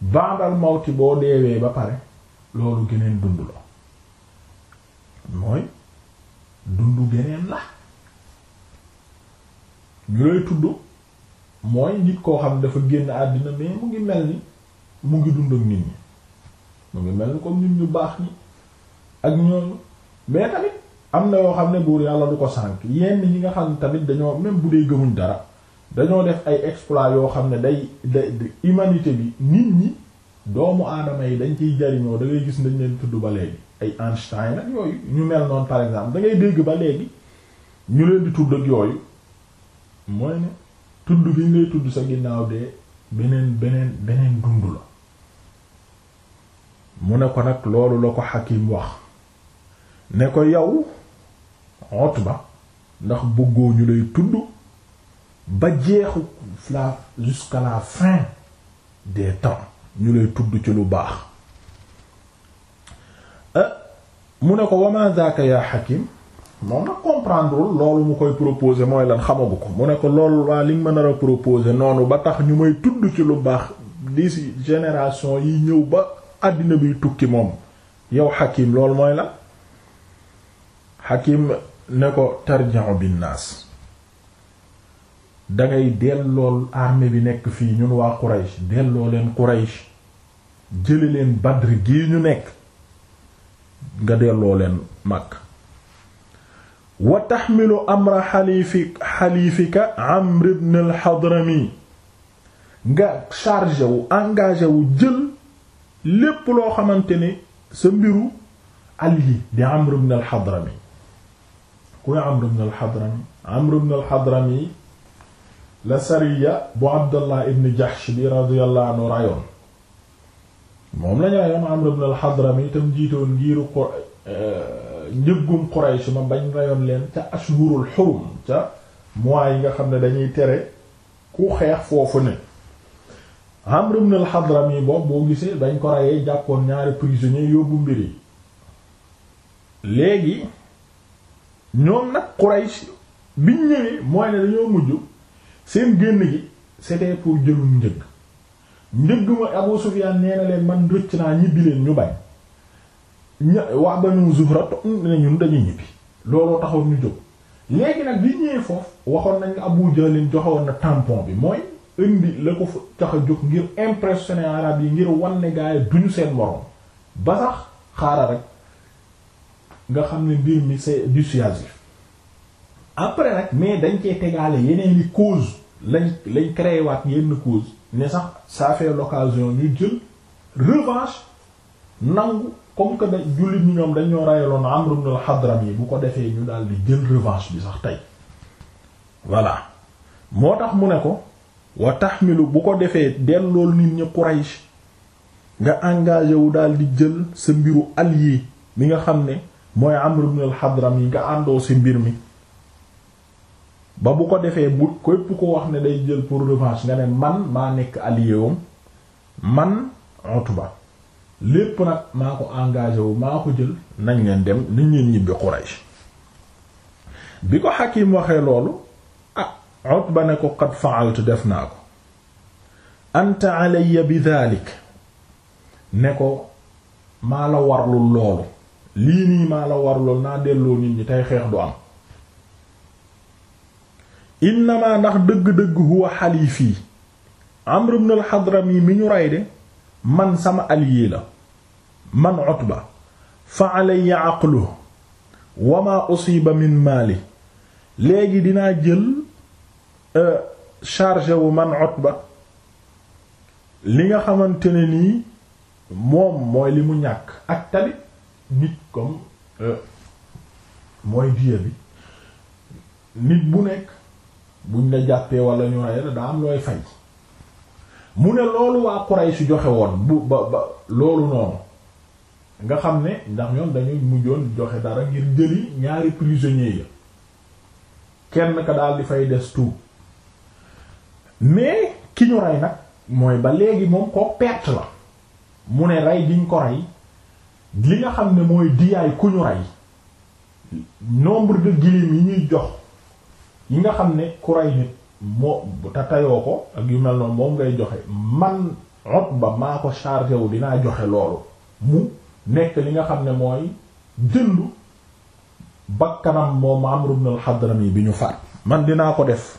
ba'dal mawti boo deewee ba pare loolu geneen dund la mooy dund geneen la ñu lay tudd mooy nit koo xam dafa génn àddina mais mu ngi mel ni mu ngi dund ak nit ñi mu ngi mel ni comme nit ñu baax ñi ak ñooñu mais tamit am na yoo xam ne buur yàlla du ko sànk yenn ñi nga xam tamit dañoo même bu dee gëmuñ dara dañoo def ay exploits yoo xam ne day day humanité bi nit ñi doomu aadama yi dañ ciy jariñoo da ngay gis dañ leen tudd ba léegi ay Einstein ak yooyu ñu mel noonu par exemple da ngay dégg ba léegi ñu leen di tudd ak yooyu mooy ne. tudd bi ñu tudd sa ginnaaw de beneen beneen beneen dund la mu ne ko nag loolu la ko Hakim wax ne ko yow wot ba ndax bëggoo ñu lay tudd ba jeexu la jusqu'à la fin des temps ñu lay tudd ci lu baax eh, mu ne ko wa zaaka yaa Hakim moom nag comprendrewul loolu mu koy proposé mooy lan xamagu ko mu ne ko loolu waa li nga mën a proposé noonu ba tax ñu may tudd ci lu baax di si génération yi ñëw ba àddina bi tukki moom yow Hakim loolu mooy lan Hakim ne ko tarja'u binnaas dangay dellool armée bi nekk fii ñun waa Quraysh delloo leen Quraysh jële leen Badr gii ñu nekk nga delloo leen Makka wa taxmilu amra xalifi xalifika amr ibn al-Hadrami nga chargé wu engagé wu jël lépp loo xamante ne sa mbiru alli di amr ibn al-Hadrami kuy amr ibn al-Hadrami amr ibn al-Hadrami la sariya bu Abdallah ibn Jahsh bi radiyallahu anhu rayoon moom lañu rayoon amr ibn al-Hadrami itam jiitoon ngiiru ko euh, njëggum Quraysh ma bañ rayoon leen ca ashhurul hurum ca mois yi nga xam ne dañuy tere ku xeex foofu ne Amr ibn al-Hadrami boo gisee dañ ko rayee jàppoon ñaari prisonniers yóbbu mbir yi léegi ñoom nag Quraysh biñ ñëwee mooy ne dañoo mujj seen génn gi c'était pour jëlum njëgg njëgg ma Abu Sufyan nee na leen man rëcc naa ñibbi leen ñu bañ ña waa Banu Zuhra toog ne ñun dañuy ñibbi looloo taxaw ñu jóg léegi nag li ñëwee foofu waxoon nañ Abu Jahl joxewoon na tampon bi mooy indi la ko fa tax a jóg ngir impressionner arab yi ngir wan gaay duñu seen morom ba sax xaaral rek nga xam ne mbir mi c'est dissuasif après nag mais dañ cee tegaale yeneen i cause lañ lañ créé waat yenn cause ne sax ça fait l'occasion ñu jël revanche nangu. comme que da jullit ñi ñoom dañoo ñoo rayaloon Amr ibn al bu ko defee ñu daal di jël revanche bi sax tey voilà moo tax mu ne ko wa taxmilu bu ko defee delloo nit ñi Quraysh nga engagé wu daal di jël sa mbiru allié bi nga xam ne mooy Amr ibn al-Hadrami nga àndoo si mbir mi ba bu ko defee bu képp ko wax ne day jël pour revanche nga ne man maa nekk allié wam man Utba lépp nag maa ko engagé wu maa ko jël nañ leen dem nañ leen ñibbi Quraysh bi ko Hakim waxee loolu ah Utba ne ko qad fa'altu def naa ko anta alayya bi dhalik ne ko maa la warlul loolu lii nii maa la warlul naa delloo nit ñi tey xeex du am innama ndax dëgg-dëgg huwa xaliif yi Amr ibn al-Hadrami mi ñu rey de man sama allié la man ba fa alayya aqlu wa ma usiba léegi dinaa jël euh, charge wu man ba li nga xamante ne nii moom mooy li mu ñàkk ak tamit nit comme euh, mooy diya bi nit bu nekk bu la jàppee wala ñu rey la daa am looy fay mu ne loolu waa Quraysh joxe woon bu ba ba loolu noonu nga xam ne ndax ñoom dañuy mujjoon joxe dara ngir jëli ñaari prisonniers ya kenn ka daal di fay des tuub mais ki ñu rey nag mooy ba léegi moom ko perte la mu ne rey diñ ko rey li nga xam ne mooy diyaay ku ñu rey nombre de yi ñuy jox yi nga xam ne ku rey nit moo te tayoo ko ak yu mel noonu moom ngay joxe man Utba maa ko chargé wu dinaa joxe loolu mu nekk li nga xam ne mooy jëndu bakkanam moom Amr ibn al-Hadrami bi ñu faat man dinaa ko def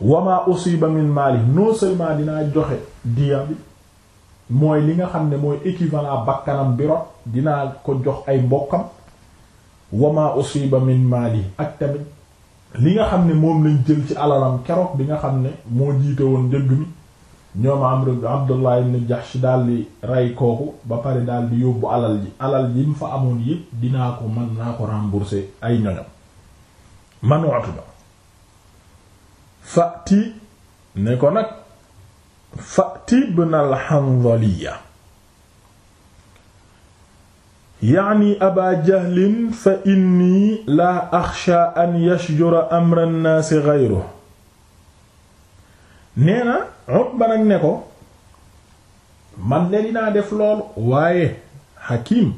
wama usiba min mali non seulement dinaa joxe diya bi mooy li nga xam ne mooy équivalent bakkanam bi rot dinaa ko jox ay mbokkam wama usiba min mali ak tamit li nga xam ne moom lañ jël ci alalam keroog bi nga xam ne moo jiite woon njëgg mi ñoom Amr Abdullah ibn Jahsh daal di rey kooku ba pare daal di yóbbu alal ji alal ji mu fa amoon yépp dinaa ko mën naa ko rembourser ay ñoñam man watu ba fati ne ko nag fati ibn al-Hanzaliya yaani aba jahlin fa inni laa axsha an yashjura amra nnaasi gayru nee na Utba nag ne ko man de dinaa def loolu waaye Hakim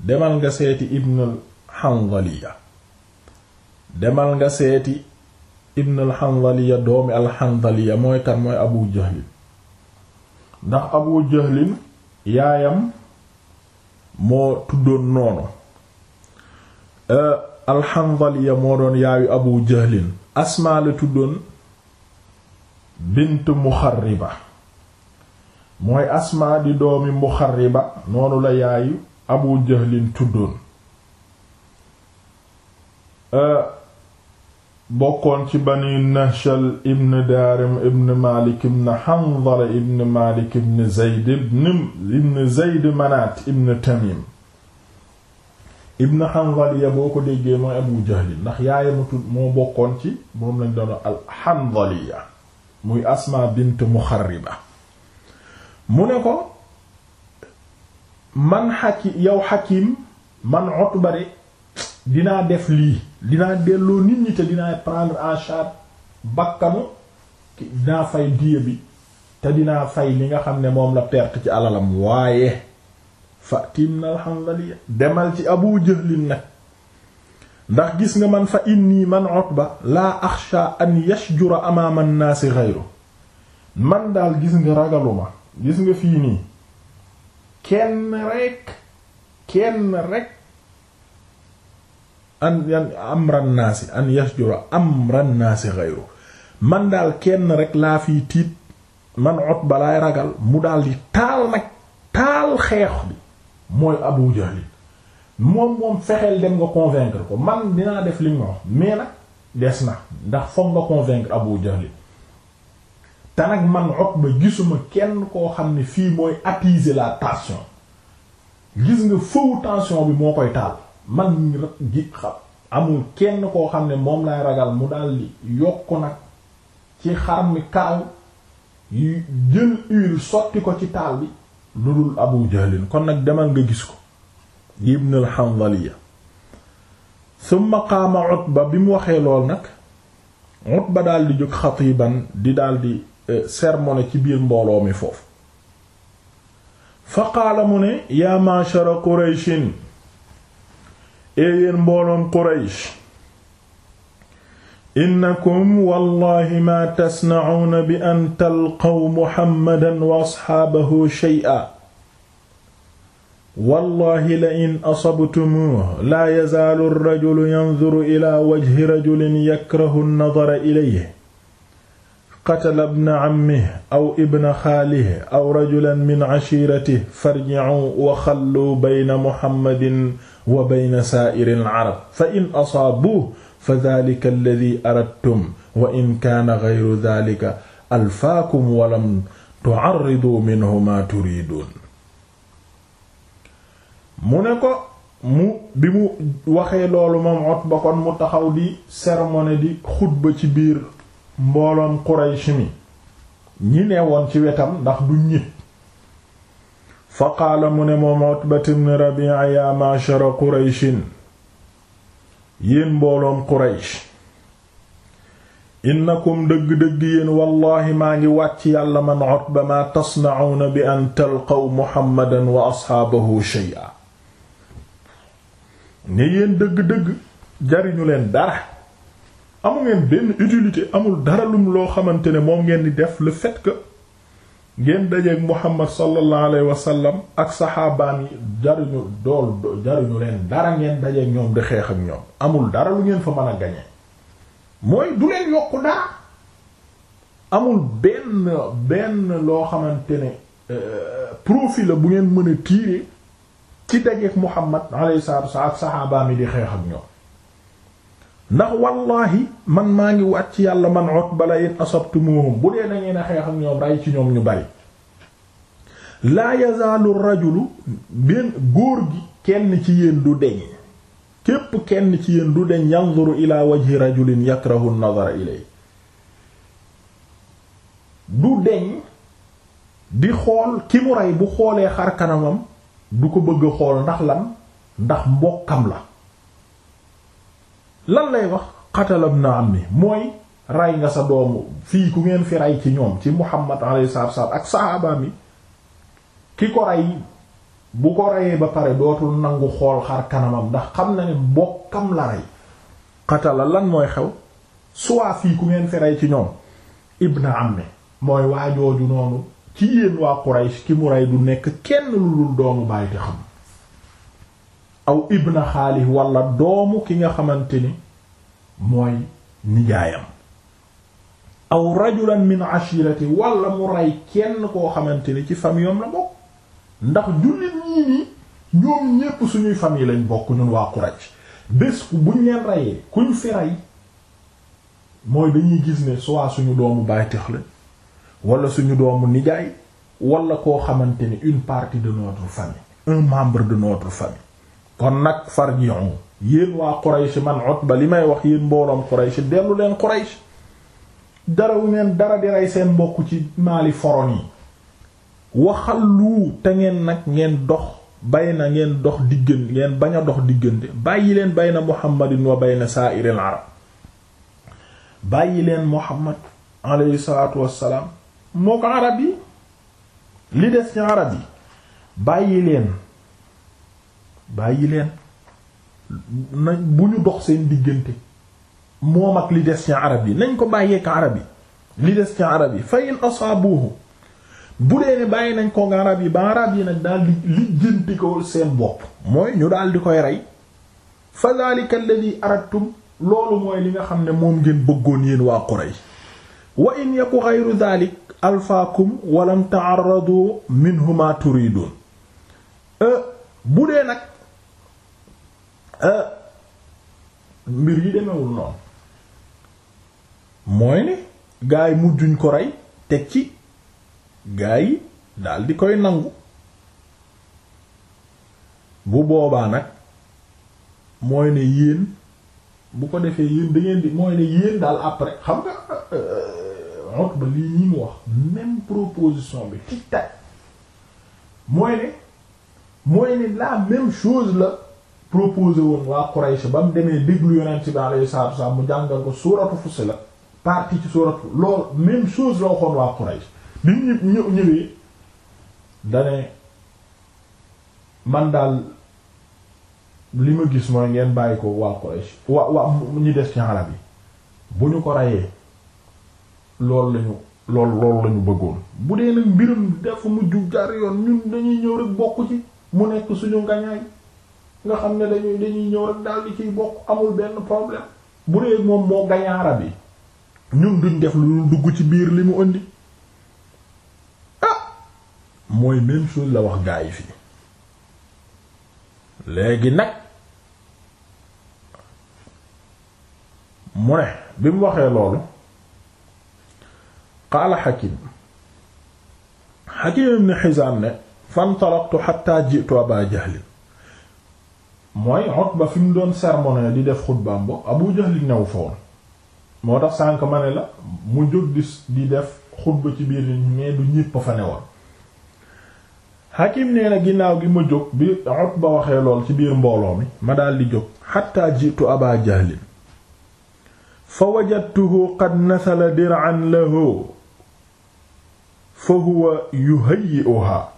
demal nga seeti Ibnul Hanzaliya demal nga seeti Ibnul Hanzaliya doomi al Hanzaliya mooy kan mooy Abu Jahlin ndax Abu Jahlin yaayam moo tuddoon noonu euh, alxandaliya moo doon yaayu abu jahlin asmaa la tuddoon bint muxarriba mooy asmaa di doomi muxarriba noonu la yaayu abu jahlin tuddoon euh, bokkoon ci bani nahshal ibn daarim ibn malik ibn hanzala ibn malik ibn zayd manaat ibn tamim ibn hanzaliya boo ko déggee mooy abu jahl ndax yaayama tudd moo bokkoon ci moom lañ doon al hanzaliya muy asma bint muxarriba mu ne ko man xaki yow xakim man utbari dinaa def lii dinaa delloo nit ñi te dinaa prendre en charge bakkanu dinaa fay diya bi te dinaa fay li nga xam ne moom la perte ci alalam waaye fa tim na alhamdulillah demal ci abu jëlin nag ndax gis nga man fa inni man utba laa axsha an yashjura amaama an-naasi ghayru man daal gis nga ragaluma gis nga fii nii kenn rek kenn rek an yan amran naasi an yasjura amran naasi xayru man daal kenn rek laa fiy tiit man Utba laay ragal mu daal di taal nag taal xeex bi mooy Abu Jahl moom moom fexeel dem nga convaincre ko man dinaa def li nga wax mais nag des na ndax foog nga convaincre Abu Jahl te nag man ba gisuma kenn koo xam ne fii mooy attiser la tension gis nga feu tension bi moo koy taal man gi xam amul kenn koo xam ne moom lay ragal mu daldi yokk nag ci xar mi kaaw yu jël huile sotti ko ci taal bi lu dul abu jahlin kon nag demal nga gis ko ibn al hanzaliya summa qaama utba bi mu waxee lool nag utba daldi jóg xatiban di daldi eh, sermone ci biir mbooloo mi foofu fa qaala mu ne yaa ma'shara qurayshin yéen mbooloom Quraysh innakum wallahi ma tasna'uuna bi an talqaw muhammadan wa asxaabahu shay'a wallahi la in asabtumuuhu laa yazaalu rajulu yanzuru ila wajhi rajulin yakrahu an-nadara ilayhi qatala ibna ammihi aw ibna xaalihi aw rajulan min cashiiratihi farji'uu wa xalluu bayna muhammadin wa bayna saa'iri al-arab fa in asaabuuhu fa dhaalika alladhii aradtum wa in kaana ghayru dhaalika alfaakum wa lam tu'arriduu ne ko mu waxee loolu mu taxaw di sermone di xutba ci biir mbooloom Quraysh mi ñi neewoon ci wetam ndax du ñit fa qaala mu ne moom Utbat ibn Rabi'a yaa ma'shara Qurayshin yéen mbooloom Quraysh innakum dëgg-dëgg yéen wallaahi maa ngi wàcc yàlla man Utba maa tasna'uuna bi an talqaw Muhammadan wa ashaabahu shay'a ne yéen dëgg-dëgg jariñu leen dara amu ngeen benn utilité amul dara lum loo xamante ne moom ngeen di def la fait ngeen dajeeg Muhammad sallallahu alayhi wa sallam ak saxaabaan yi jaruñu dool jaruñu leen dara ngeen dajeeg ñoom di xeex ak ñoom amul dara lu ngeen fa man a gañe mooy du leen yokku dara amul benn benn loo xamante ne euh, profil la bu ngeen mën a tirer ci dajeeg Muhammad alayhi salaatu wa salaam ak saxaabaan yi di xeex ak ñoom ndax wallahi man maa ngi waat ci yàlla man Utba bala in asabtumuhum bu dee dangeen a xeex ak ñoom rey ci ñoom ñu bari laa yazaalu rajulu benn góor gi kenn ci yéen du deñ képp kenn ci yéen du ila wajhi rajulin yakrahu an-nazara ilay du deñ di xool ki mu rey bu xoolee xar kanamam du ko bëgg xool ndax lan ndax mbokkam la lan lay wax qatala ibn ammi mooy rey nga sa doomu fii ku ngeen fi rey ci ñoom ci muhammad alayhi salaatu wasallam ak sahaaba mi ki ko rey bu ko reyee ba pare dootul nangu xool xar kanamam ndax xam na ne bokkam la rey qatala lan mooy xew soit fii ku ngeen fi rey ci ñoom ibn ammi mooy waajooju noonu ci yéen waa Quraysh ki mu rey du nekk kenn lu dul doomu bàyyi te xam aw ibna xaalih walla doomu ki nga xamante ni mooy nijaayam aw rajulan min ashirati walla mu ray kenn koo xamante ni ci famiyam la bokk ndax jullit ñii nii ñoom ñépp suñuy famille lañ bokk ñun waa Quraysh bés ku buñ leen reyee kuñ fi rey mooy dañuy gis ne soit suñu doomu baay tëxla wala suñu doomu nijaay wala koo xamante ni une partie de notre famille un membre de notre famille kon nag farji'u yéen waa Quraysh man Utba li may wax yéen mbooloom Quraysh dellu leen Quraysh dara wu ngeen dara di rey seen mbokk ci maali foron yi lu te ngeen nag ngeen dox bay na ngeen dox diggante ngeen bañ a dox diggante bàyyi leen bay na Muhammadin wa bay na saa'iril arab bàyyi leen Muhammad alayhi salaatu wassalaam moo ko arab yi li des ci arab yi bàyyi leen bàyyi leen nañ bu ñu dox seen diggante moom ak li des ci arab yi nañ ko bàyyeek arab yi li des ci arab yi fa in asaabuhu bu dee ne bàyyi nañ ko nga arab yi ba arab yi nag daal di lijjanti seen bopp mooy ñu daal di koy rey fa dhalika alladhi loolu mooy li nga xam ne moom ngeen bëggoon yéen waa Quraysh wa in yaku ghayru dhalik alfaakum walam ta'arradu minhu ma turidun euh, bu dee nag Ah, mbir yi demewul noonu mooy ne gaa yi mu mujjuñ ko rey teg ci gaa yi daal di koy nangu bu boobaa nag mooy ne yéen bu ko defee yéen da ngeen di mooy ne yéen daal après xam nga euh, xot ba lii ñi mu wax même proposition bi tic tac mooy ne mooy ne la même chose la proposé woon waa Quraysh ba mu demee déglu yonent bi alayhi salaatu wasallam mu jàngal ko suuratu Fussilat partie ci suuratu loolu même chose la waxoon waa Quraysh bi mu ñëw ñëwee dane man daal li ma gis mooy ngeen bàyyi ko waa Quraysh waa waa ñi des ci arab yi bu ñu ko reyee loolu lañu loolu loolu lañu bëggoon bu dee nag mbirum dafa mujj jaar yoon ñun dañuy ñëw rek bokk ci mu nekk suñu ngañaay nga xam ne dañuy dañuy ñëw rek daal di ciy bokk amul benn problème bu dee moom moo gañ bi yi ñun duñ def lu dugg ci biir li mu indi ah mooy même la wax gaa yi fii léegi nag mu ne bi mu waxee loolu qaala Hakim Hakim ibn Hizam ne fantalaqtu hatta ji'tu Aba Jahl mooy Utba fi mu doon sermone di def xutbaam bo Abu Jahl ñëw foon moo tax sànq ma ne la mu jóg di def xutba ci biir mais du ñépp fa ne woon Hakim nee na ginnaaw gi ma jóg bi waxee lool ci biir mbooloo mi ma daldi di jóg xatta jiitu Aba Jahlin fa wajadtuhu qad nasala dir'an lahu fa huwa yuhayyi'uha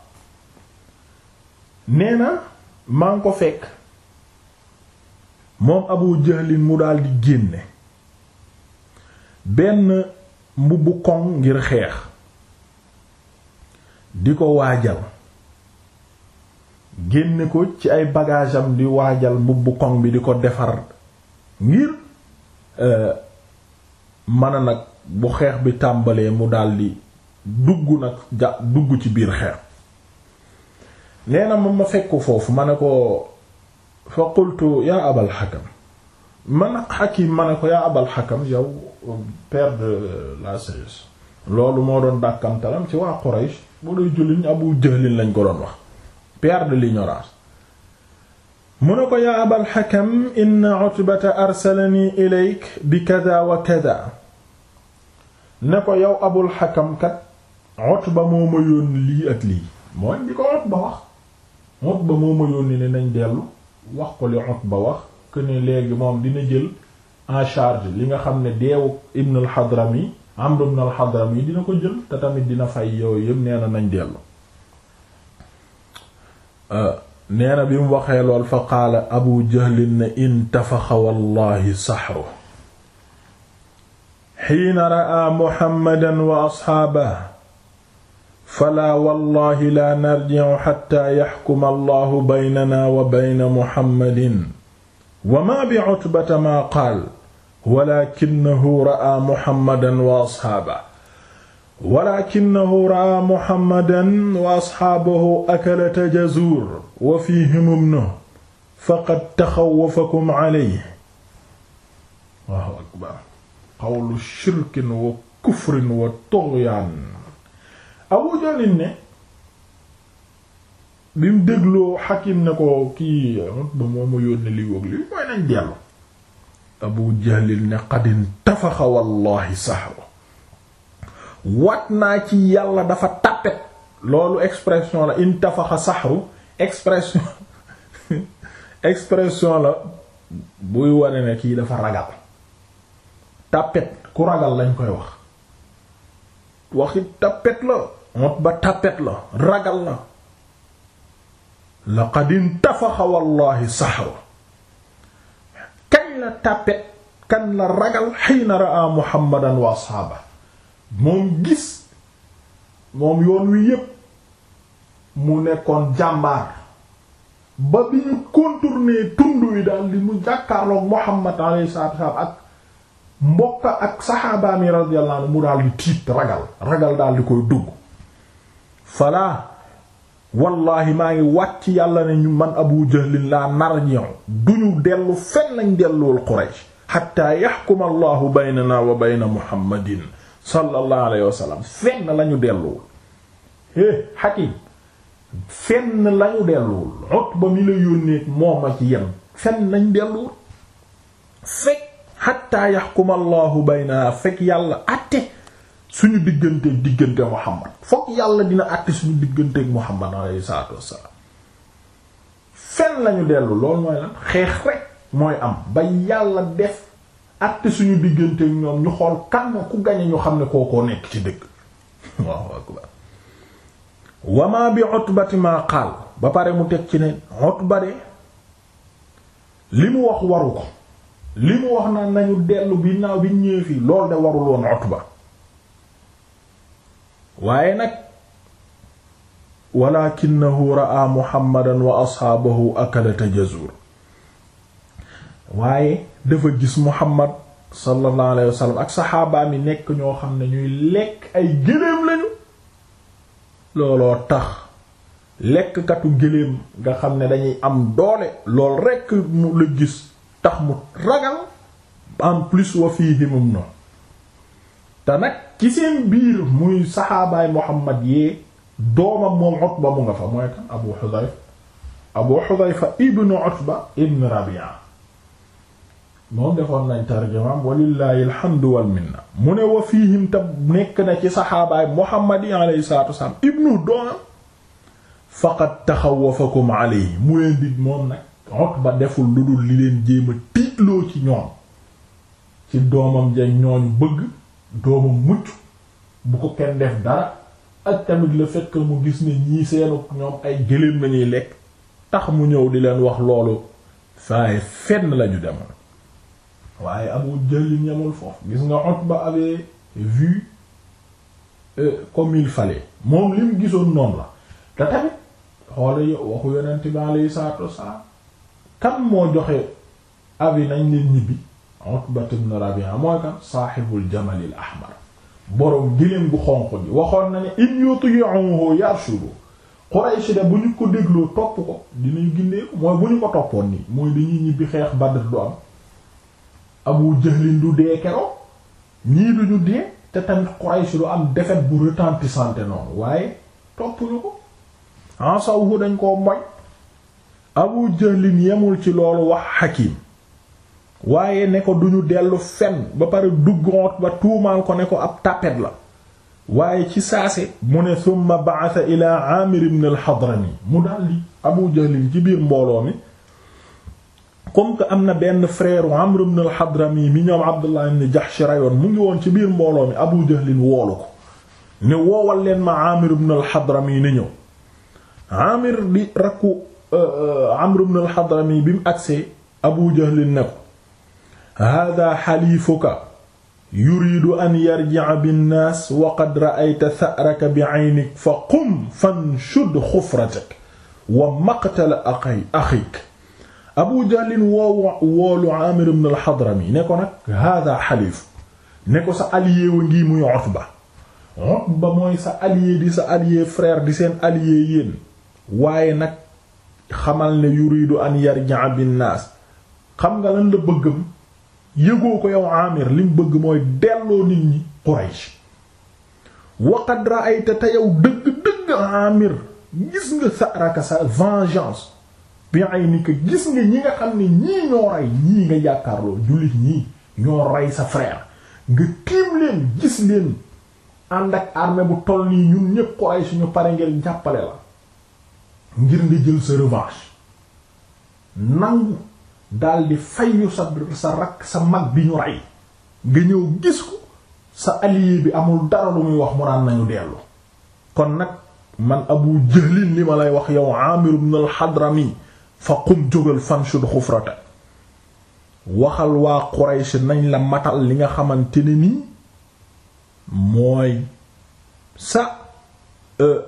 nee na maa ngi ko fekk moom abu jahlin mu daldi génne benn mbubbu koŋ ngir xeex di ko waajal génne ko ci ay bagaasam di waajal mbubbu koŋ bi di ko defar ngir euh, mën a nag bu xeex bi tàmbalee mu daldi dugg nag ja dugg ci biir xeex nee ma ma fekk foofu ma ne ko fa qultu yaa abal xakam man xakim ma ne ko yaa abal xakam yow père de la loolu moo doon dàkkamtalam ci waa Quraysh boo dee jullit Abu Jahlin lañ ko doon wax père de l'ignorance mu ne ko yaa abal xakam inna utbata arsalani bi kada wa ne ko yow abul xakam kat utba moo ma yónni lii ak lii mooy di ko utba wax utba moo ma yónni ne nañ dellu wax ko li Utba wax que léegi moom dina jël en charge li nga xam ne deewu Ibn al-Hadrami Amr ibn al-Hadrami dina ko jël te tamit dina fay yooyu yëpp nee nañ dellu euh, nee bi mu waxee lool fa qaala Abu Jahlin ne intafaxa wallahi saxru xiina raa Muhammadan wa asxaabahu fala wallahi la narji'u hatta yaxkuma allahu baynana wa bayna muhammadin wa ma bi utbata maa qaal walakinahu ra'a muhammadan wa asxaaba walakinahu ra'a muhammadan wa asxaabahu akalata jazuur wa fihim ibnuhu faqad taxawwafakum alayhi Allahu akbar qawlu shirkin wa kufrin wa tughyan Abu Jahl ne bi mu dégloo Hakim ne ko kii ba moo ma yónni li wóog li mooy nañ dellu Abu Jahl ne qad intafaxa wallahi sahwa wat naa ci yàlla dafa tàppet loolu expression la intafaxa saxru expression [LAUGHS] expression la buy wane ne kii dafa ragal tàppet ku ragal lañ koy wax waxi tàppet la Utba tàppet la la laqad intafaxa wallahi sahwa kañ la tàppet kan la raa muhammadan wa asxaaba moom gis moom yoon wi yépp mu nekkoon jàmbaar ba bi ñu contourner tund wi daal di mu jàkkaarloog muhammad alayhi salaatu wa salaam ak mbokk ak saxaabaami radiyallahu anhu mu daal di tiit ragal ragal daal di koy dugg falaa wallaahi maa ngi wàcc yàlla ne ñu man abu jahlin laa narji'u duñu dellu fen lañ delluwul quraysh xatta yaxkuma allahu baynana wa bayna muhammadin sallallahu alayhi wa fenn lañu delluwul hé hakim fenn lañu delluwul la yónnee moom a ci yem fenn lañu delluwul fekk xatta yaxkuma allahu baynana fekk yàlla àtte suñu digganteeg diggante Muhammad fokk yàlla dina àtte suñu digganteeg Muhammad alayhi salaatu wassalaam fenn lañu dellu loolu mooy lan xeex rek mooy am ba yàlla def àtte suñu digganteeg ñoom ñu xool kan ku gañe ñu xam ne kookoo nekk ci dëgg waaw [LAUGHS] akbar wamaa bi Utbati maa xaal ba pare mu teg ci ne Utba de li mu wax waru ko li mu wax naan nañu dellu bi naaw bi ñëw fii loolu de warul woon Utba waaye nag walakinahu ra'a muhammadan wa asxaabahu akalata jazur waaye dafa gis muhammad sallallahu alayhi ak saxaabaam yi nekk ñoo xam ne ñuy lekk ay gëléem lañu looloo tax lekkkatu gëléem nga xam ne dañuy am doole lool rekk la gis tax mu ragal en plus wa fii himum na te nag ci seen biir muy saxaabaay Muhammad yee doomam moom Utba mu nga fa mooy kan Abu defoon nañ tarjumaam walillahi alhamdu wal minna mu nekk na ci saxaabaay Muhammad yi alayhi salaatu wasalaam ibnu doomam faqad taxawafakum alayhi mu leen moom nag Utba deful lu dul li leen jéem tiitloo ci ñoom ci doomam ja ñooñu bëgg doomu mucc bu ko kenn def dara ak tamit la fekk que mu gis ni ñii seenu ñoom ay gëléem nañuy lekk tax mu ñëw di leen wax loolu saaye fenn lañu demoon waaye Abu Jahl ñamul foofu gis nga ba avait vu euh, comme il fallait moom li mu gisoon noonu la te tamit xoole waxu yonent bi alayhi salaatu wassalaam kan moo joxe avis nañ leen ñibbi Utbat ibn Rabi'a mooy kan saaxibul jamalil ahmar borom giléem gu xonq ji waxoon na ne in yuti'uhu yarshudu Quraysh de bu ñu ko dégloo topp ko dinañu gindee ko mooy bu ñu ko toppoon nii mooy dañuy ñibbi xeex Badr du am Abu Jahlin du dee keroog ñii duñu dee te tamit Quraysh du am défaite bu santé noonu waaye topp ñu ko ansawhu dañ koo moy Abu Jahlin yemul ci loolu wax Hakim waaye ne ko duñu dellu fen ba pare duggoot ba tuumaal ko ne ko ab tàppet la waaye ci saase mu ne thumma ba'atha ila amir ibn al mu daldi abu jahlin ci biir mbooloo mi kon que am na benn frère amr ibn al-hadrami mi ñoom abdullah ibn jahsh rayoon mu ngi woon ci biir mbooloo mi abu jahlin woolu ko ne woowal leen ma amir ibn al-hadrami ne ñëw amir di rakku euh, euh, amr ibn al bi mu agsee abu jahlin ne ko hada xaliifuka yuridu an yarji'a binnaas wa qad ra'ayta sa'raka bi'aynik fa qum fanshud xufratak wa maqtala axi axik abu jahlin woowu woolu amir ibn al-hadrami ne ko nag hada xaliif ne ko sa allié wa ngi muy utba utba mooy sa allié di sa allié frère di seen allié yéen waaye nag xamal ne yuridu an yarji'a binnaas xam nga lan la bëggam yëgoo ko yow amir li bëgg mooy delloo nit ñi Quraysh waqad ra'ayta te yow dëgg-dëgg amir gis nga sa raka sa vengeance bi ay ni ko gis nga ñi nga xam ne ñii ñoo rey ñii nga jàkkaarloo jullit ñii ñoo rey sa frère nga tiim leen gis leen ànd ak armée bu toll nii ñu ñépp Quraysh ñu pare ngeen jàppale la ngir nga jël sa revanche nangu daal di fayyu sa sa rak sa mag bi ñu rey nga ñëw gis ko sa allié bi amul dara lu muy wax mu naan nañu dellu kon nag man abu jahlin li ma lay wax yow amir ibn al fa qum jógal fanshud xufrata waxal waa quraysh nañ la matal li nga xamante ne nii mooy sa euh,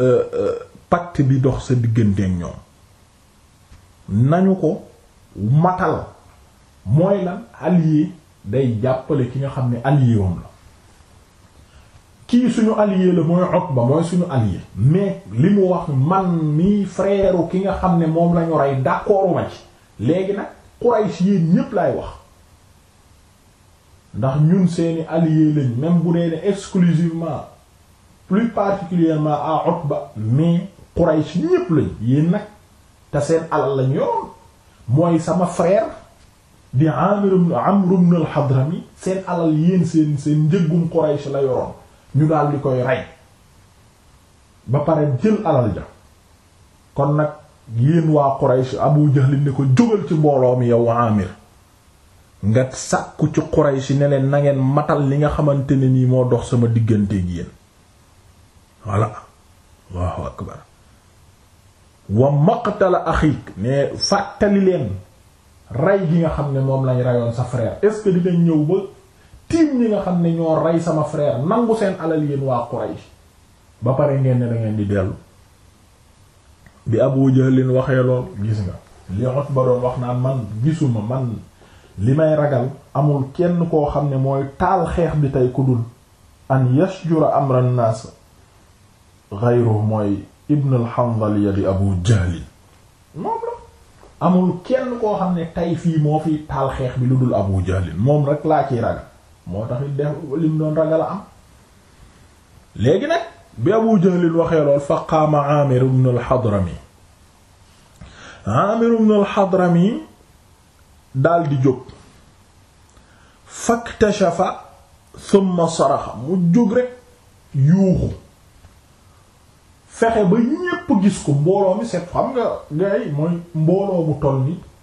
euh, euh, pacte bi dox sa digganteek ñoom nañu ko matal mooy la allié day jàppale ki nga xam ne allié wam la kii suñu allié la mooy Utba mooy suñu allié mais li mu wax man mii frère ki nga xam ne moom lañu rey d'accordu ma ci léegi nag Quraysh yéen ñépp laay wax ndax ñun seeni allié lañ même bu dee ne exclusivement plus particulièrement à Utba mais Quraysh ñépp lañ yéen nag te seen alal lañ yoon mooy sama frère di Amr Amr ibn al-Hadrami seen alal yéen seen seen njëggum Quraysh la yoroon ñu daal di koy rey ba pare jël alal ja kon nag yéen waa Quraysh Abu Jahl ne ko jógal ci mbooloo mi yow Amir nga sàkku ci Quraysh ne leen na matal li nga xamante ne nii moo dox sama diggante ak yéen voilà Allahu akbar wa maqtala axiik mais fàttali leen rey gi nga xam ne moom lañ reyoon sa frère est ce que dinañ ñëw ba tiim ñi nga xam ne ñoo rey sama frère nangu seen alal yéen waa Quraysh ba pare ngeen ne di dellu bi Abu Jahl waxee lool gis nga li Utba doon wax naan man gisuma man li may ragal amul kenn koo xam ne mooy taal xeex bi tey ku dul an yashjura amra an-nas ghayru mooy ibn al-Hanzaliya Abu Jahl moom la amul kenn koo xam ne tay fii moo fi taal xeex bi lu dul Abu Jahl moom rek laa ciy ragal moo tax it def lim doon ragal a am léegi nag bi Abu Jahl waxee lool fa qaama Aamir ibn al-Hadrami di jóg faktashafa thumma saraxa mu jóg rek yuuxu fexe ba ñépp gis ko mbooloo mi nga ngay mooy mbooloo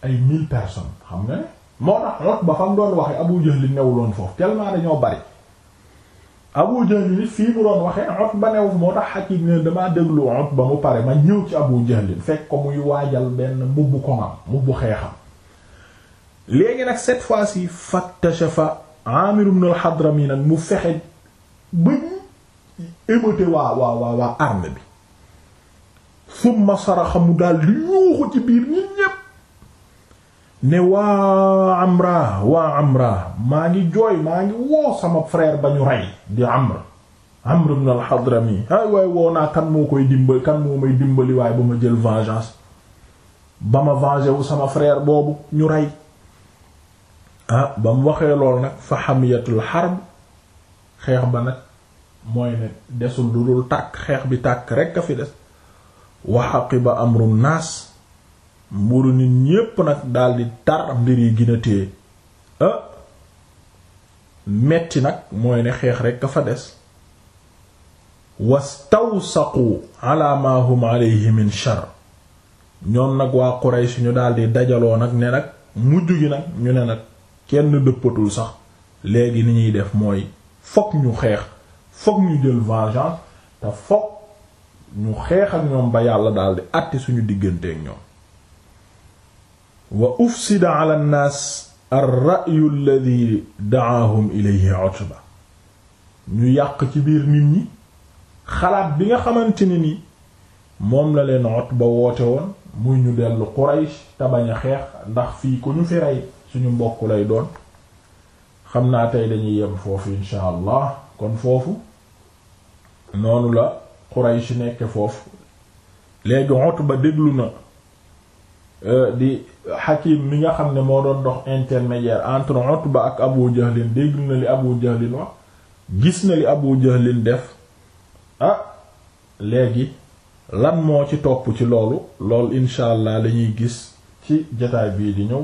ay mille xam nga ne moo tax rot ba fam doon waxe Abu tellement dañoo bari Abu Jahl nit fii mu doon waxee Utba damaa déglu Utba pare ma ñëw ci Abu Jahl fekk ko muy waajal benn mbubb koŋam mbubb xeexam léegi nag cette fois-ci faktashafa Amir ibn al-Hadrami nag mu fexe ba émeuté waa waa waa waa arme bi summa saraxa mu daal di yuuxu ci biir ñi ñépp ne waa amra waa amra maa ngi jooy maa ngi woo sama frère ba ñu rey di amr amr ibn al ay waay woo naa kan moo koy dimbali kan moo may dimbali waaye ba ma jël vengeance ba ma venger wu sama frère boobu ñu rey ah ba mu waxee lool nag fa xamiyatul xarb xeex ba nag mooy ne desul lu dul tàkk xeex bi tàkk rekk a fi des waxaqiba amru naas mburu nit ñépp nag daldi tar mbir yi gina téye metti nag mooy ne xeex rekk ka fa des wastawsaqu ala ma hum alayhi min shar ñoom nag waa Quraysh ñu daldi dajaloo nag ne nag mujj gi nag ñu ne nag kenn dëppatul sax léegi ni ñuy def mooy fokk ñu xeex fokk ñu jël vengeance te fokk ñu xeex ak ñoom ba yàlla di àtte suñu digganteek ñoom wa ufsida ala naas ar-ra'yu alladhi da'ahum ilayhi Utba ñu yàq ci biir nit ñi xalaat bi nga xamante ne ni moom la leen ba woote woon muy ñu dellu Quraysh te bañ xeex ndax fii ku ñu fi rey suñu mbokk lay doon xam naa tey dañuy yem foofu insha allah kon foofu noonu la Quraysh nekk foofu léegi Utba déglu na euh, di Hakim mi nga xam ne moo doon dox intermédiaire entre Utba ak Abu Jahlin déglu na li Abu Jahlin wax gis na li Abu Jahlin def ah léegi lan moo ci topp ci loolu loolu incha allah lañuy gis ci jataay bii di ñëw